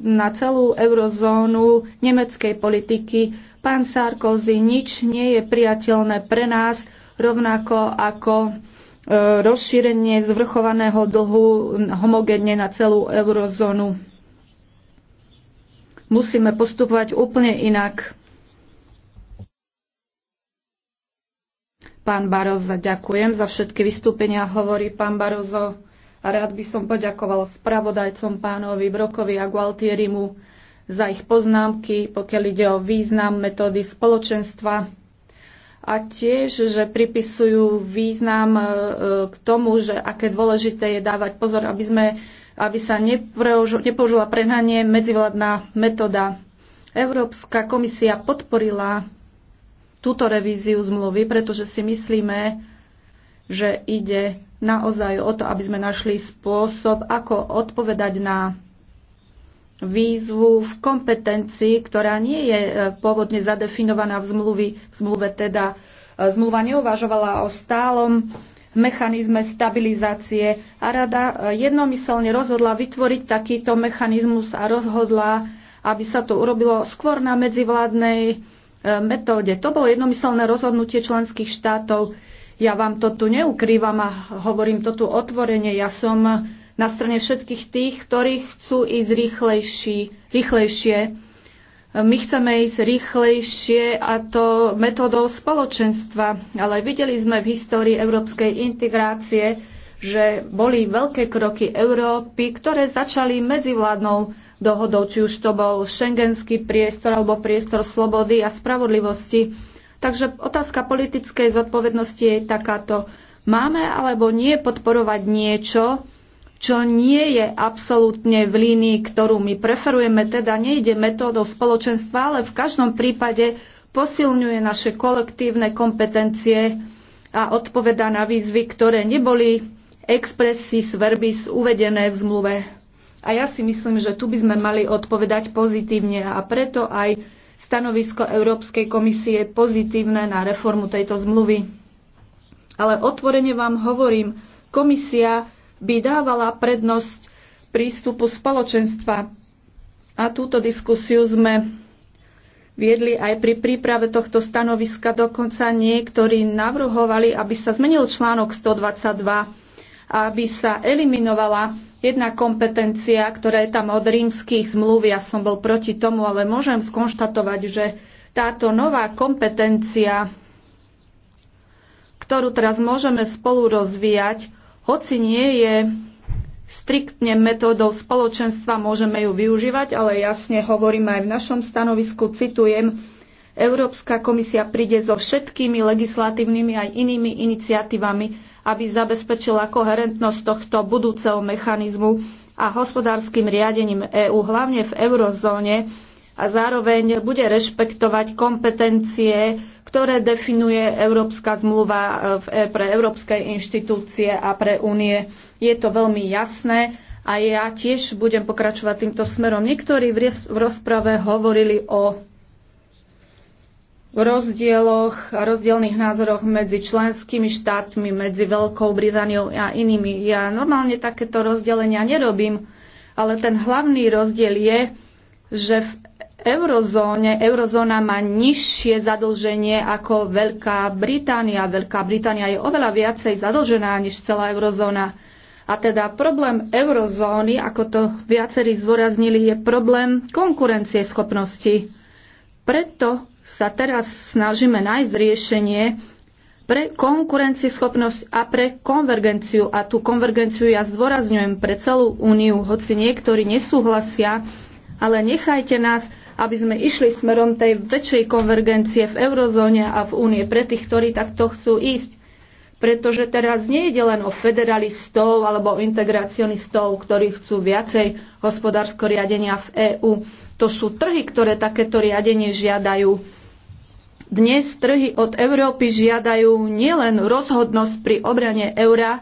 A: na celú eurozónu nemeckej politiky. Pán Sarkozy, nič nie je priateľné pre nás, rovnako ako E, rozšírenie zvrchovaného dlhu homogénne na celú eurozónu. Musíme postupovať úplne inak. Pán Barozo, ďakujem za všetky vystúpenia, hovorí pán Barozo. A rád by som poďakoval spravodajcom pánovi Brokovi a Gualtierimu za ich poznámky, pokiaľ ide o význam metódy spoločenstva a tiež, že pripisujú význam e, k tomu, že aké dôležité je dávať pozor, aby, sme, aby sa nepoužila prehnanie medzivládna metóda. Európska komisia podporila túto revíziu zmluvy, pretože si myslíme, že ide naozaj o to, aby sme našli spôsob, ako odpovedať na výzvu v kompetencii, ktorá nie je e, pôvodne zadefinovaná v, zmluvi, v zmluve, teda e, zmluva neuvažovala o stálom mechanizme stabilizácie a rada e, jednomyselne rozhodla vytvoriť takýto mechanizmus a rozhodla, aby sa to urobilo skôr na medzivládnej metóde. To bolo jednomyselné rozhodnutie členských štátov. Ja vám to tu neukrývam a hovorím to tu otvorene. Ja som na strane všetkých tých, ktorí chcú ísť rýchlejší, rýchlejšie. My chceme ísť rýchlejšie a to metodou spoločenstva, ale videli sme v histórii európskej integrácie, že boli veľké kroky Európy, ktoré začali medzivládnou dohodou, či už to bol šengenský priestor alebo priestor slobody a spravodlivosti. Takže otázka politickej zodpovednosti je takáto. Máme alebo nie podporovať niečo, čo nie je absolútne v línii, ktorú my preferujeme, teda nejde metódou spoločenstva, ale v každom prípade posilňuje naše kolektívne kompetencie a odpoveda na výzvy, ktoré neboli expressis verbis uvedené v zmluve. A ja si myslím, že tu by sme mali odpovedať pozitívne a preto aj stanovisko Európskej komisie je pozitívne na reformu tejto zmluvy. Ale otvorene vám hovorím, komisia by dávala prednosť prístupu spoločenstva. A túto diskusiu sme viedli aj pri príprave tohto stanoviska. Dokonca niektorí navrhovali, aby sa zmenil článok 122, aby sa eliminovala jedna kompetencia, ktorá je tam od rímskych zmluv. Ja som bol proti tomu, ale môžem skonštatovať, že táto nová kompetencia, ktorú teraz môžeme spolu rozvíjať, hoci nie je striktne metódou spoločenstva, môžeme ju využívať, ale jasne hovorím aj v našom stanovisku, citujem, Európska komisia príde so všetkými legislatívnymi aj inými iniciatívami, aby zabezpečila koherentnosť tohto budúceho mechanizmu a hospodárskym riadením EÚ, hlavne v eurozóne, a zároveň bude rešpektovať kompetencie ktoré definuje Európska zmluva e, e, pre európske inštitúcie a pre únie. Je to veľmi jasné a ja tiež budem pokračovať týmto smerom. Niektorí v rozprave hovorili o rozdieloch a rozdielných názoroch medzi členskými štátmi, medzi Veľkou Britániou a inými. Ja normálne takéto rozdelenia nerobím, ale ten hlavný rozdiel je, že v eurozóne. Eurozóna má nižšie zadlženie ako Veľká Británia. Veľká Británia je oveľa viacej zadlžená než celá eurozóna. A teda problém eurozóny, ako to viacerí zdôraznili, je problém konkurencie schopnosti. Preto sa teraz snažíme nájsť riešenie pre konkurencieschopnosť a pre konvergenciu. A tú konvergenciu ja zdôrazňujem pre celú úniu, hoci niektorí nesúhlasia, ale nechajte nás aby sme išli smerom tej väčšej konvergencie v eurozóne a v únie pre tých, ktorí takto chcú ísť. Pretože teraz nie ide len o federalistov alebo o integracionistov, ktorí chcú viacej hospodársko riadenia v EÚ. To sú trhy, ktoré takéto riadenie žiadajú. Dnes trhy od Európy žiadajú nielen rozhodnosť pri obrane eura,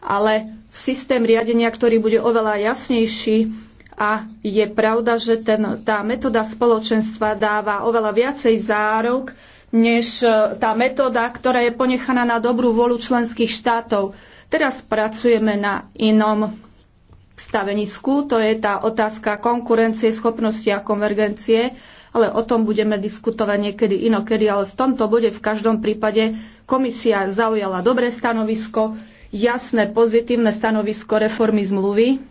A: ale systém riadenia, ktorý bude oveľa jasnejší a je pravda, že ten, tá metóda spoločenstva dáva oveľa viacej zárok, než e, tá metóda, ktorá je ponechaná na dobrú volu členských štátov. Teraz pracujeme na inom stavenisku, to je tá otázka konkurencie, schopnosti a konvergencie, ale o tom budeme diskutovať niekedy inokedy, ale v tomto bode v každom prípade komisia zaujala dobré stanovisko, jasné pozitívne stanovisko reformy zmluvy,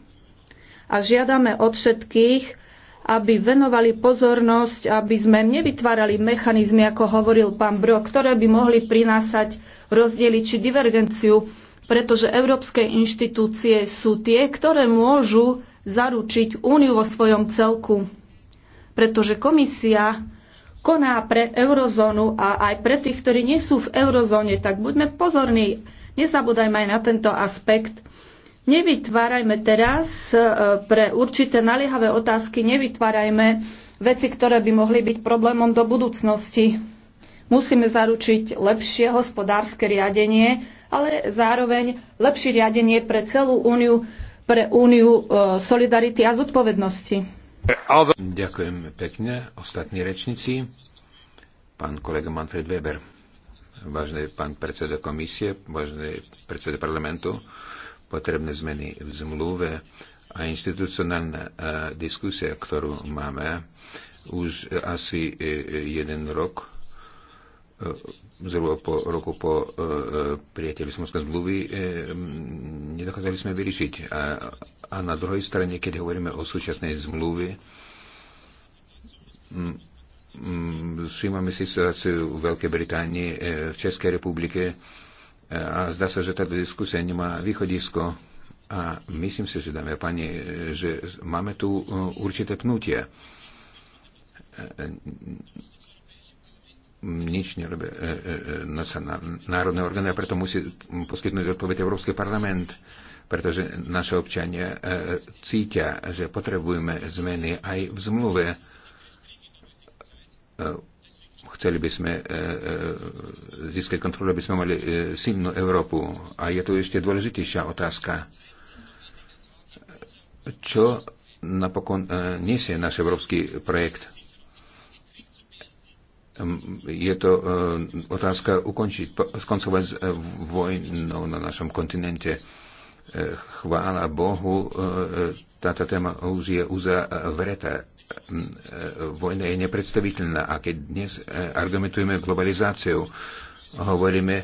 A: a žiadame od všetkých, aby venovali pozornosť, aby sme nevytvárali mechanizmy, ako hovoril pán Bro, ktoré by mohli prinásať rozdiely či divergenciu, pretože európske inštitúcie sú tie, ktoré môžu zaručiť úniu vo svojom celku. Pretože komisia koná pre eurozónu a aj pre tých, ktorí nie sú v eurozóne, tak buďme pozorní, nezabúdajme aj na tento aspekt – Nevytvárajme teraz e, pre určité naliehavé otázky, nevytvárajme veci, ktoré by mohli byť problémom do budúcnosti. Musíme zaručiť lepšie hospodárske riadenie, ale zároveň lepšie riadenie pre celú úniu, pre úniu e, solidarity a zodpovednosti.
B: Ďakujem pekne. Ostatní rečníci. Pán kolega Manfred Weber, vážny pán predseda komisie, vážny predseda parlamentu, potrebné zmeny v zmluve a inštitucionálna e, diskusia, ktorú máme už asi e, jeden rok, e, zhruba po roku po prijatí Lisbonskej zmluvy, nedokázali sme vyriešiť. A, a na druhej strane, keď hovoríme o súčasnej zmluve, všímame si situáciu v Veľkej Británii, v Českej republike, E, a zdá sa, že táto diskusia nemá východisko a myslím si, že dáme pani, že máme tu e, určité pnutie. E, nič nerobí národné orgány a preto musí poskytnúť odpoveď Európsky parlament pretože naše občania cítia, že potrebujeme zmeny aj v zmluve Chceli by sme e, e, získať kontrolu, aby sme mali e, silnú Európu. A je tu ešte dôležitejšia otázka. Čo napokon nesie náš európsky projekt? Je to otázka ukončiť, skoncovať vojnou na našom kontinente chvála Bohu, táto téma už je uzavretá. E, vojna je nepredstaviteľná. A keď dnes e, argumentujeme globalizáciou, hovoríme, e,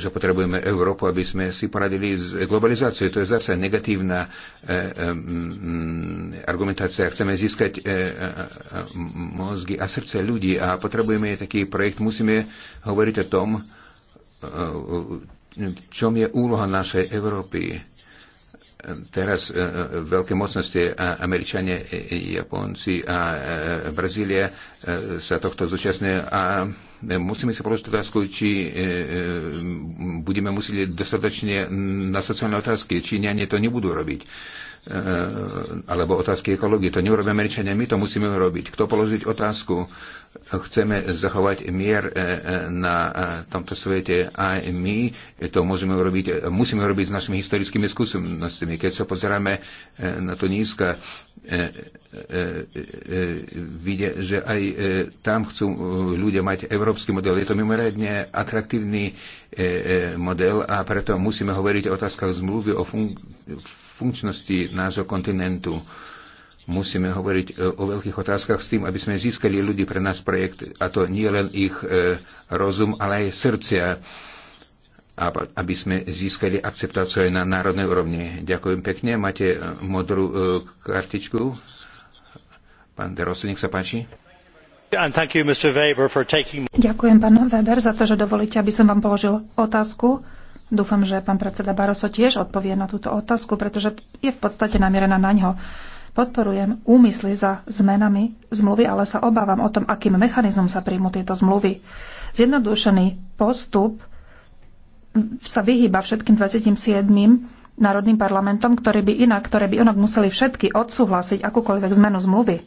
B: že potrebujeme Európu, aby sme si poradili s globalizáciou. To je zase negatívna mm, argumentácia. Chceme získať mozgy a srdce ľudí a potrebujeme taký projekt. Musíme hovoriť o tom, v čom je úloha našej Európy teraz e, e, veľké mocnosti Američania, e, Japonci a Brazília sa tohto zúčastňujú a musíme sa položiť otázku, či budeme musieť dostatočne na sociálne otázky, či nie, to nebudú robiť alebo otázky ekológie. To neurobia Američania, my to musíme urobiť. Kto položiť otázku, chceme zachovať mier e, e, na e, tomto svete a my, to môžeme urobiť, musíme urobiť s našimi historickými skúsenostiami. Keď sa pozeráme na to nízka, vidie, že aj tam chcú ľudia mať európsky model. Je to mimoriadne atraktívny model a preto musíme hovoriť o otázkach zmluvy o fun- funkčnosti nášho kontinentu Musíme hovoriť e, o veľkých otázkach s tým, aby sme získali ľudí pre nás projekt, a to nie len ich e, rozum, ale aj srdcia, aby sme získali akceptáciu aj na národnej úrovni. Ďakujem pekne. Máte e, modrú kartičku. Pán Derosl, nech sa páči. You, taking...
C: Ďakujem, pán Weber, za to, že dovolíte, aby som vám položil otázku. Dúfam, že pán predseda Baroso tiež odpovie na túto otázku, pretože je v podstate namierená na ňo. Podporujem úmysly za zmenami zmluvy, ale sa obávam o tom, akým mechanizmom sa príjmu tieto zmluvy. Zjednodušený postup sa vyhýba všetkým 27 národným parlamentom, ktoré by inak, ktoré by inak museli všetky odsúhlasiť akúkoľvek zmenu zmluvy.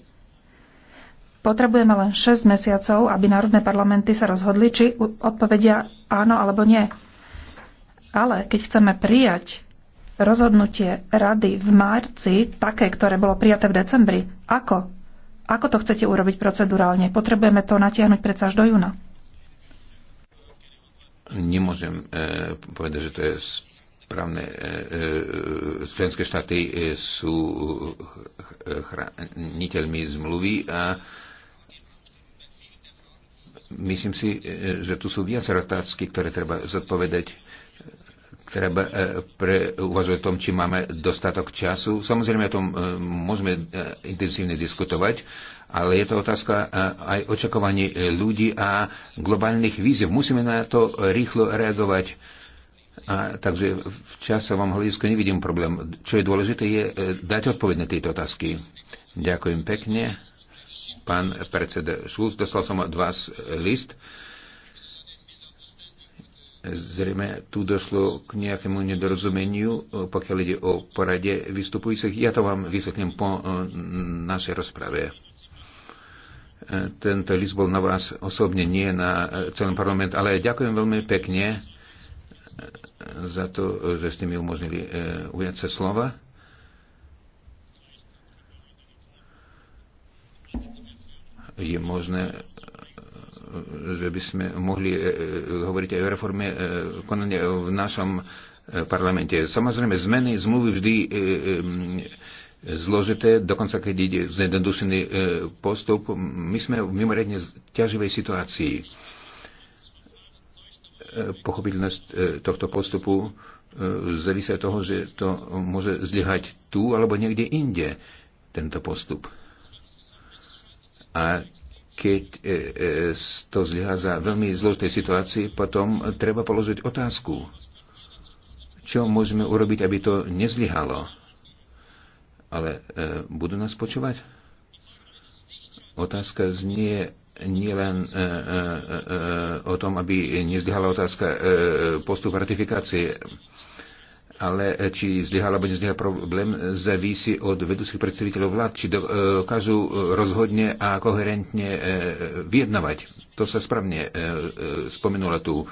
C: Potrebujeme len 6 mesiacov, aby národné parlamenty sa rozhodli, či odpovedia áno alebo nie. Ale keď chceme prijať rozhodnutie rady v marci, také, ktoré bolo prijaté v decembri. Ako? Ako to chcete urobiť procedurálne? Potrebujeme to natiahnuť predsa až do júna.
B: Nemôžem e, povedať, že to je správne. E, e, členské štáty e, sú e, chrániteľmi zmluvy a myslím si, e, že tu sú viacero otázky, ktoré treba zodpovedať treba e, pre, uvažovať o tom, či máme dostatok času. Samozrejme, o tom e, môžeme e, intenzívne diskutovať, ale je to otázka aj očakovaní ľudí a globálnych víziev. Musíme na to rýchlo reagovať. A, takže v časovom hľadisku nevidím problém. Čo je dôležité, je dať odpoveď na tieto otázky. Ďakujem pekne. Pán predseda Šulc, dostal som od vás list. Uh, Zrejme tu došlo k nejakému nedorozumeniu, e, pokiaľ ide o porade vystupujúcich. Ja to vám vysvetlím po e, našej rozprave. E, tento list bol na vás osobne, nie na celý parlament, ale ďakujem veľmi pekne za to, že ste mi umožnili ujať sa slova. Je možné že by sme mohli e, e, hovoriť aj o reforme e, konania v našom parlamente. Samozrejme, zmeny zmluvy vždy zložité, dokonca keď ide znedendušený postup. My sme v mimoriadne ťaživej situácii. Pochopiteľnosť tohto postupu závisí od toho, že to môže zlyhať tu alebo niekde inde, tento postup. A keď e, e, to zľaza za veľmi zložitej situácii, potom treba položiť otázku, čo môžeme urobiť, aby to nezlyhalo. Ale e, budú nás počúvať? Otázka znie nielen e, e, e, o tom, aby nezlyhala otázka e, postup ratifikácie. E, ale e, či zlyha alebo nezlyha problém, závisí od vedúcich predstaviteľov vlád, či e, dokážu e, rozhodne a koherentne vyjednavať. To sa správne spomenula tu.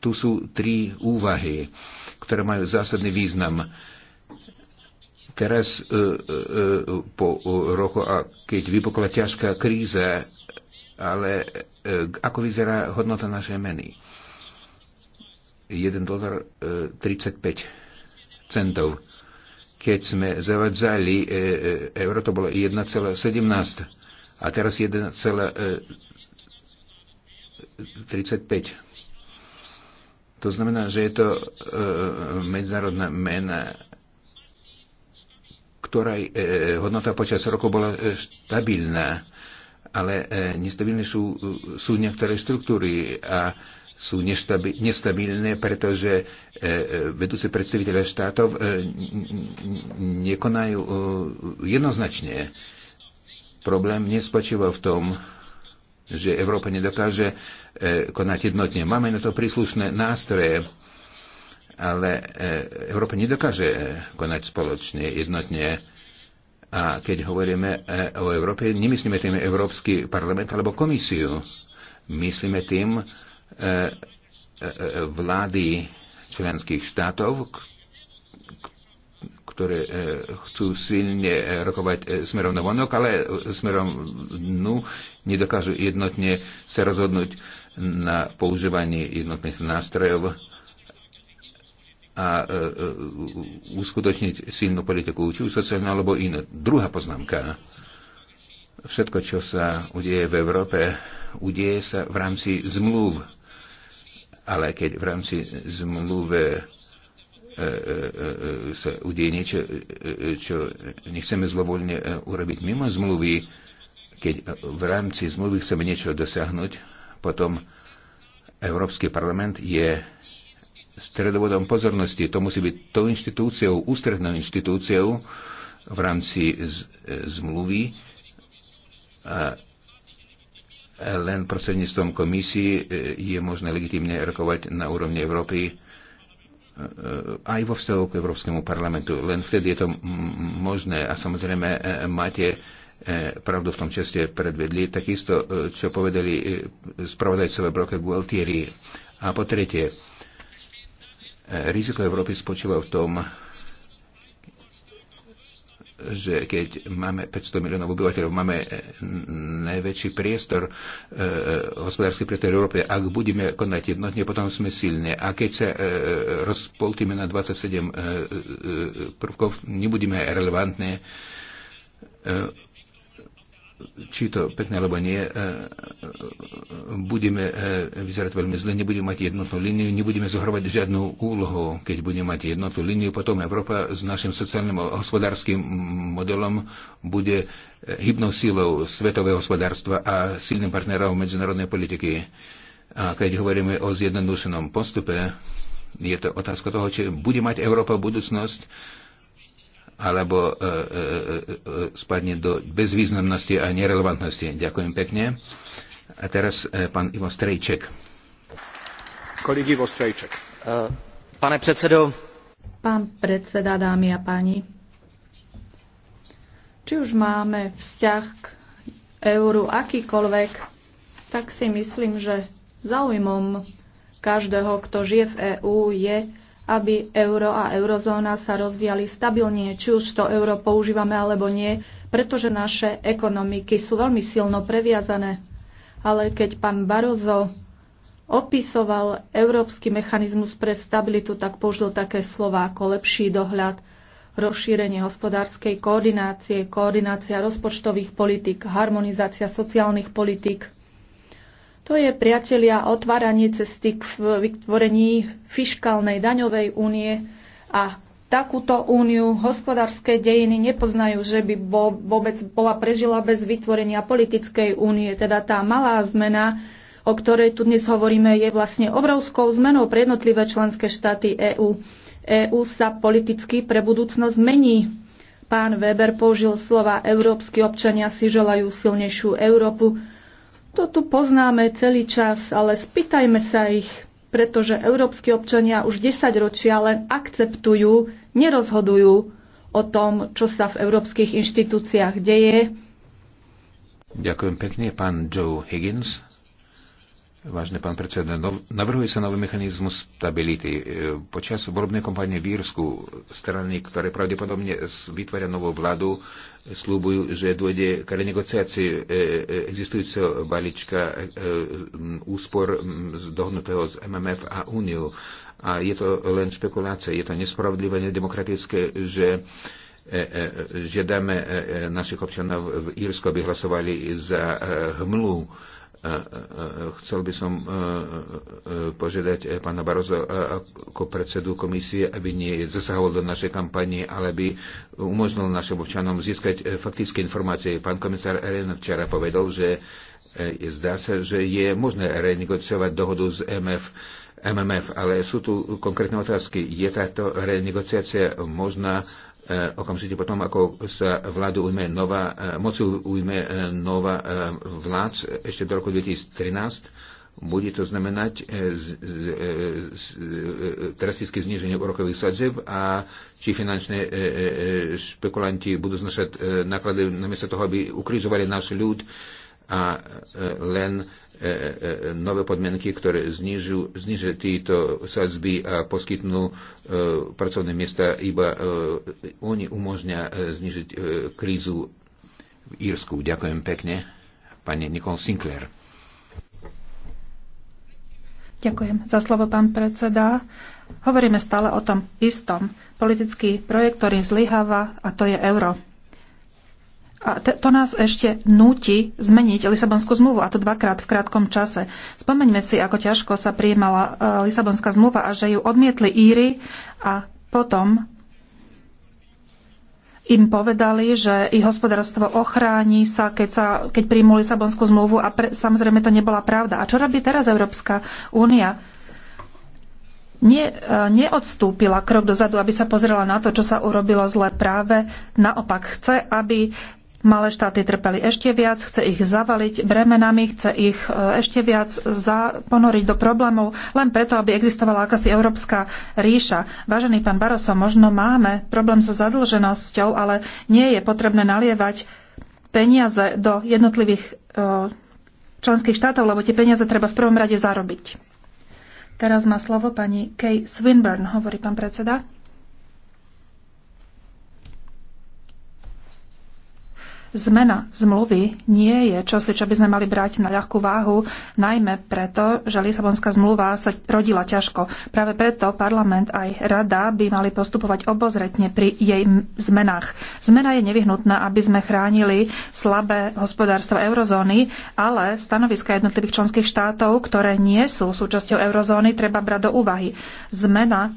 B: Tu sú tri úvahy, ktoré majú zásadný význam. Teraz po roku, keď vypukla ťažká kríza, ale ako vyzerá hodnota našej meny? 1 dolar 35 centov. Keď sme zavadzali e, e, euro, to bolo 1,17 a teraz 1,35. E, to znamená, že je to e, medzinárodná mena, ktorá e, hodnota počas rokov bola stabilná, ale e, nestabilné sú, sú niektoré štruktúry a e, sú nestabilné, pretože e, e, vedúci predstaviteľe štátov e, nekonajú jednoznačne. Problém nespočíva v tom, že Európa nedokáže konať jednotne. Máme na to príslušné nástroje, ale Európa nedokáže konať spoločne, jednotne. A keď hovoríme o Európe, nemyslíme tým Európsky parlament alebo komisiu. Myslíme tým E, e, vlády členských štátov, ktoré e, chcú silne rokovať smerom na vonok, ale smerom dnu nedokážu jednotne sa rozhodnúť na používanie jednotných nástrojov a uskutočniť silnú politiku, či už sociálnu alebo inú. Druhá poznámka. Všetko, čo sa udeje v Európe, udeje sa v rámci zmluv ale keď v rámci zmluve e, e, e, sa udeje niečo, čo nechceme zlovoľne urobiť mimo zmluvy, keď v rámci zmluvy chceme niečo dosiahnuť, potom Európsky parlament je stredovodom pozornosti. To musí byť tou inštitúciou, ústrednou inštitúciou v rámci zmluvy a len prostredníctvom komisii e, je možné legitimne rokovať na úrovni Európy e, e, aj vo vzťahu k Európskemu parlamentu. Len vtedy je to možné a samozrejme máte pravdu v tom, čo ste predvedli. Takisto, čo povedali spravodajcové broke Gualtieri. A po tretie, riziko Európy spočíva v tom, že keď máme 500 miliónov obyvateľov, máme e, najväčší priestor e, e hospodárskej priestor Európe, Ak budeme konať jednotne, potom sme silní. A keď sa e, e rozpoltíme na 27 e, e, prvkov, nebudeme relevantné. E, či to pekné alebo nie, e, e, budeme e, vyzerať veľmi zle, nebudeme mať jednotnú líniu, nebudeme zohrovať žiadnu úlohu. Keď budeme mať jednotnú líniu, potom Európa s našim sociálnym a hospodárským modelom bude hybnou sílou svetového hospodárstva a silným partnerom medzinárodnej politiky. A keď hovoríme o zjednodušenom postupe, je to otázka toho, či bude mať Európa budúcnosť, alebo e, e, e, spadne do bezvýznamnosti a nerelevantnosti. Ďakujem pekne. A teraz pán Ivo Strejček. Kolik Ivo Strejček.
C: Pane predsedo.
A: Pán predseda, dámy a páni. Či už máme vzťah k euru akýkoľvek, tak si myslím, že zaujímom každého, kto žije v EÚ, je aby euro a eurozóna sa rozvíjali stabilne, či už to euro používame alebo nie, pretože naše ekonomiky sú veľmi silno previazané. Ale keď pán Barozo opisoval európsky mechanizmus pre stabilitu, tak použil také slova ako lepší dohľad, rozšírenie hospodárskej koordinácie, koordinácia rozpočtových politik, harmonizácia sociálnych politik to je, priatelia, otváranie cesty k vytvorení Fiskálnej daňovej únie a takúto úniu hospodárske dejiny nepoznajú, že by bo, vôbec bola prežila bez vytvorenia politickej únie. Teda tá malá zmena, o ktorej tu dnes hovoríme, je vlastne obrovskou zmenou pre jednotlivé členské štáty EÚ. EÚ sa politicky pre budúcnosť mení. Pán Weber použil slova európsky občania si želajú silnejšiu Európu. To tu poznáme celý čas, ale spýtajme sa ich, pretože európsky občania už 10 ročia len akceptujú, nerozhodujú o tom, čo sa v európskych inštitúciách deje.
B: Ďakujem pekne, pán Joe Higgins. Vážne pán predseda, navrhuje sa nový mechanizmus stability. E, počas volebnej kampane v Írsku strany, ktoré pravdepodobne vytvoria novú vládu, slúbujú, že dôjde k renegociácii e, e, existujúceho balíčka úspor dohodnutého z MMF a Úniu. A je to len špekulácia, je to nespravodlivé, nedemokratické, že žiadame našich občanov v Írsku, aby hlasovali za hmlu Chcel by som požiadať e, pána Barozo ako predsedu komisie, aby nie zasahoval do našej kampanie, ale aby umožnil našim občanom získať e, faktické informácie. Pán komisár Eren včera povedal, že e, zdá sa, že je možné renegociovať dohodu z MF MMF, ale sú tu konkrétne otázky. Je táto renegociácia možná E, okamžite potom, ako sa vládu ujme nová, e, moci ujme e, nová vlád ešte do roku 2013, bude to znamenať drastické zniženie úrokových sadzieb a či finančné špekulanti budú znašať náklady namiesto toho, aby ukrižovali náš ľud, a e, len e, e, nové podmienky, ktoré znižujú, znižia títo sadzby a poskytnú pracovné miesta, iba oni umožňa znižiť krízu v Írsku. Ďakujem pekne, pani Nicole Sinclair.
C: Ďakujem za slovo, pán predseda. Hovoríme stále o tom istom. Politický projekt, ktorý zlyháva, a to je euro. A to nás ešte núti zmeniť Lisabonskú zmluvu, a to dvakrát v krátkom čase. Spomeňme si, ako ťažko sa prijímala e, Lisabonská zmluva a že ju odmietli Íry a potom im povedali, že ich hospodárstvo ochráni sa, keď, sa, keď príjmu Lisabonskú zmluvu a pre, samozrejme to nebola pravda. A čo robí teraz Európska únia? ne, e, neodstúpila krok dozadu, aby sa pozrela na to, čo sa urobilo zle práve. Naopak chce, aby Malé štáty trpeli ešte viac, chce ich zavaliť bremenami, chce ich e, ešte viac ponoriť do problémov, len preto, aby existovala akási európska ríša. Vážený pán Baroso, možno máme problém so zadlženosťou, ale nie je potrebné nalievať peniaze do jednotlivých e, členských štátov, lebo tie peniaze treba v prvom rade zarobiť. Teraz má slovo pani Kay Swinburne, hovorí pán predseda. Zmena zmluvy nie je čosi, čo by sme mali brať na ľahkú váhu, najmä preto, že Lisabonská zmluva sa rodila ťažko. Práve preto parlament aj rada by mali postupovať obozretne pri jej zmenách. Zmena je nevyhnutná, aby sme chránili slabé hospodárstvo eurozóny, ale stanoviska jednotlivých členských štátov, ktoré nie sú súčasťou eurozóny, treba brať do úvahy. Zmena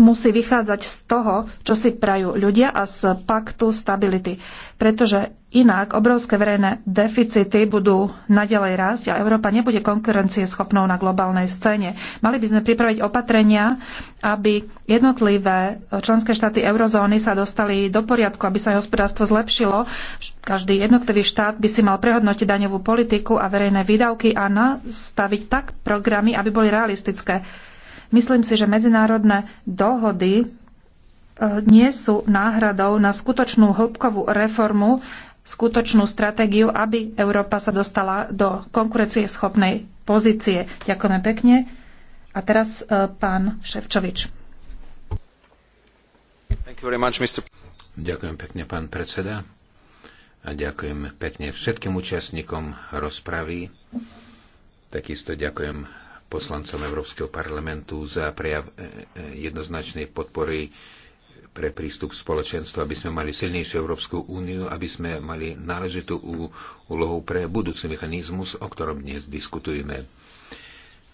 C: musí vychádzať z toho, čo si prajú ľudia a z paktu stability. Pretože inak obrovské verejné deficity budú nadalej rásť a Európa nebude konkurencieschopnou na globálnej scéne. Mali by sme pripraviť opatrenia, aby jednotlivé členské štáty eurozóny sa dostali do poriadku, aby sa jej hospodárstvo zlepšilo. Každý jednotlivý štát by si mal prehodnotiť daňovú politiku a verejné výdavky a nastaviť tak programy, aby boli realistické Myslím si, že medzinárodné dohody eh, nie sú náhradou na skutočnú hĺbkovú reformu, skutočnú stratégiu, aby Európa sa dostala do konkurencieschopnej pozície. Ďakujeme pekne. A teraz eh, pán Ševčovič.
B: Much, ďakujem pekne, pán predseda. A ďakujem pekne všetkým účastníkom rozpravy. Takisto ďakujem poslancom Európskeho parlamentu za prejav e, e, jednoznačnej podpory pre prístup spoločenstva, aby sme mali silnejšiu Európsku úniu, aby sme mali náležitú úlohu pre budúci mechanizmus, o ktorom dnes diskutujeme.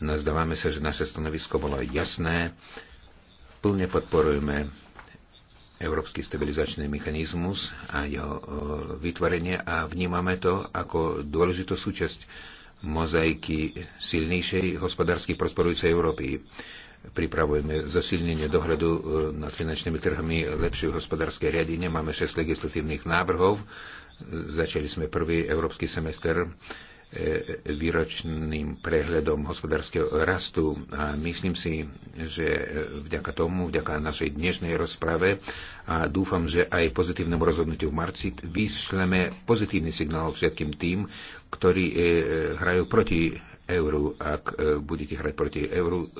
B: Nazdávame no, sa, že naše stanovisko bolo jasné. Plne podporujeme Európsky stabilizačný mechanizmus a jeho vytvorenie a vnímame to ako dôležitú súčasť mozaiky silnejšej hospodársky prosperujúcej Európy. Pripravujeme zasilnenie dohľadu e, nad finančnými trhmi, lepšie hospodárske riadenie. Máme 6 legislatívnych návrhov. E, začali sme prvý európsky semester E, výročným prehľadom hospodárskeho rastu. A myslím si, že vďaka tomu, vďaka našej dnešnej rozprave a dúfam, že aj pozitívnemu rozhodnutiu v marci vyšleme pozitívny signál všetkým tým, ktorí e, hrajú proti euru. Ak e, budete hrať proti euru,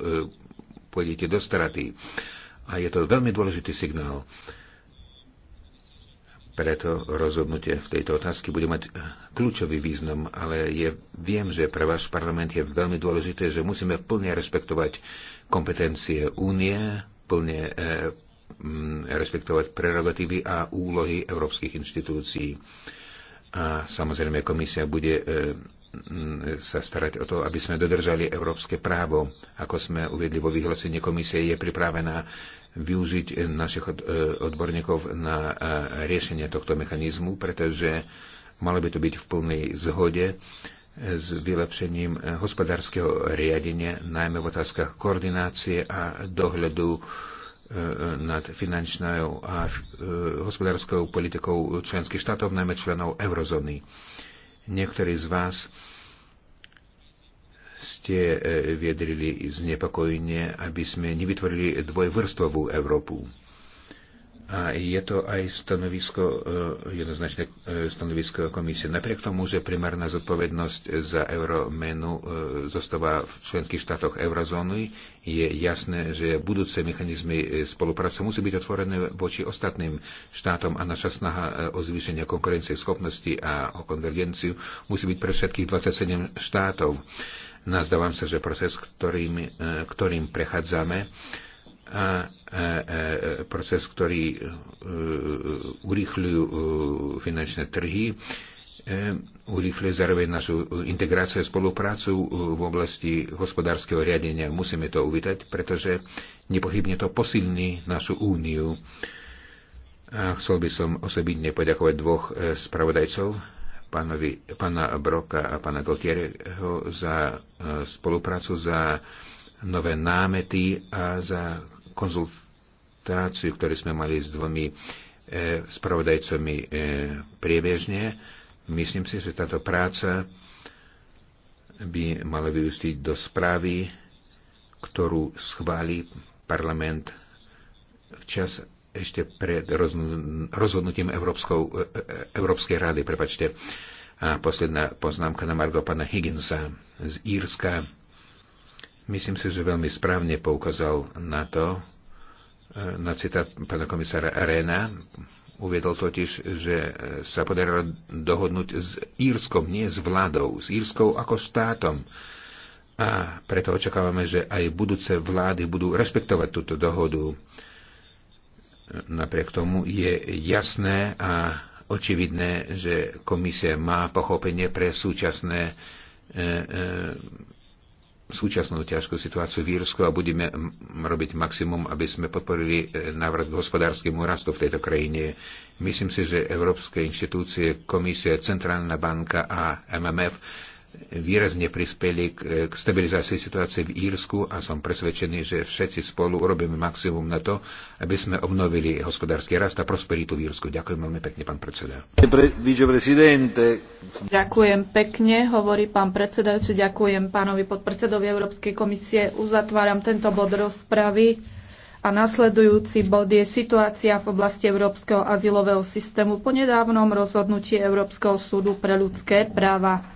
B: pôjdete do straty. A je to veľmi dôležitý signál. Preto rozhodnutie v tejto otázke bude mať eh, kľúčový význam, ale je, viem, že pre váš parlament je veľmi dôležité, že musíme plne rešpektovať kompetencie únie, plne e, eh, m, mm, rešpektovať prerogatívy a úlohy európskych inštitúcií. A samozrejme komisia bude e, sa starať o to, aby sme dodržali európske právo. Ako sme uvedli vo vyhlásení komisie, je pripravená využiť našich e, odborníkov na e, riešenie tohto mechanizmu, pretože malo by to byť v plnej zhode s vylepšením hospodárskeho riadenia, najmä v otázkach koordinácie a dohľadu e, nad finančnou a hospodárskou politikou členských štátov, najmä členov eurozóny. Niektorí z vás ste e, viedrili znepokojne, aby sme nevytvorili dvojvrstvovú Európu. A je to aj stanovisko, e, jednoznačné e, stanovisko komisie. Napriek tomu, že primárna zodpovednosť za euromenu zostáva v členských štátoch eurozóny, je jasné, že budúce mechanizmy spolupráce musí byť otvorené voči ostatným štátom a naša snaha o zvýšenie konkurencie schopnosti a o konvergenciu musí byť pre všetkých 27 štátov. Nazdávam sa, že proces, ktorým, e, ktorým prechádzame, a e, e, proces, ktorý urýchľujú finančné trhy, urýchľuje zároveň našu integráciu a spoluprácu v oblasti hospodárskeho riadenia. Musíme to uvítať, pretože nepochybne to posilní našu úniu. A chcel by som osobitne poďakovať dvoch spravodajcov, pánovi, pána Broka a pána Galtieriho za e, spoluprácu, za nové námety a za konzultáciu, ktorú sme mali s dvomi e, spravodajcami e, priebežne. Myslím si, že táto práca by mala vyústiť do správy, ktorú schváli parlament včas ešte pred rozhodnutím Európskou, e, e, Európskej rady. Prepačte. A posledná poznámka na Margo pana Higginsa z Írska. Myslím si, že veľmi správne poukázal na to, e, na citát pána komisára Arena. Uviedol totiž, že sa podarilo dohodnúť s Írskom, nie s vládou, s Írskou ako štátom. A preto očakávame, že aj budúce vlády budú rešpektovať túto dohodu. Napriek tomu je jasné a očividné, že komisia má pochopenie pre súčasné, e, e, súčasnú ťažkú situáciu v Írsku a budeme robiť maximum, aby sme podporili e, návrat k hospodárskému rastu v tejto krajine. Myslím si, že európske inštitúcie, komisia, Centrálna banka a MMF výrazne prispeli k, stabilizácii situácie v Írsku a som presvedčený, že všetci spolu urobíme maximum na to, aby sme obnovili hospodársky rast a prosperitu v Írsku. Ďakujem veľmi pekne, pán predseda.
A: Ďakujem pekne, hovorí pán predsedajúci. Ďakujem pánovi podpredsedovi Európskej komisie. Uzatváram tento bod rozpravy. A nasledujúci bod je situácia v oblasti európskeho azylového systému po nedávnom rozhodnutí Európskeho súdu pre ľudské práva.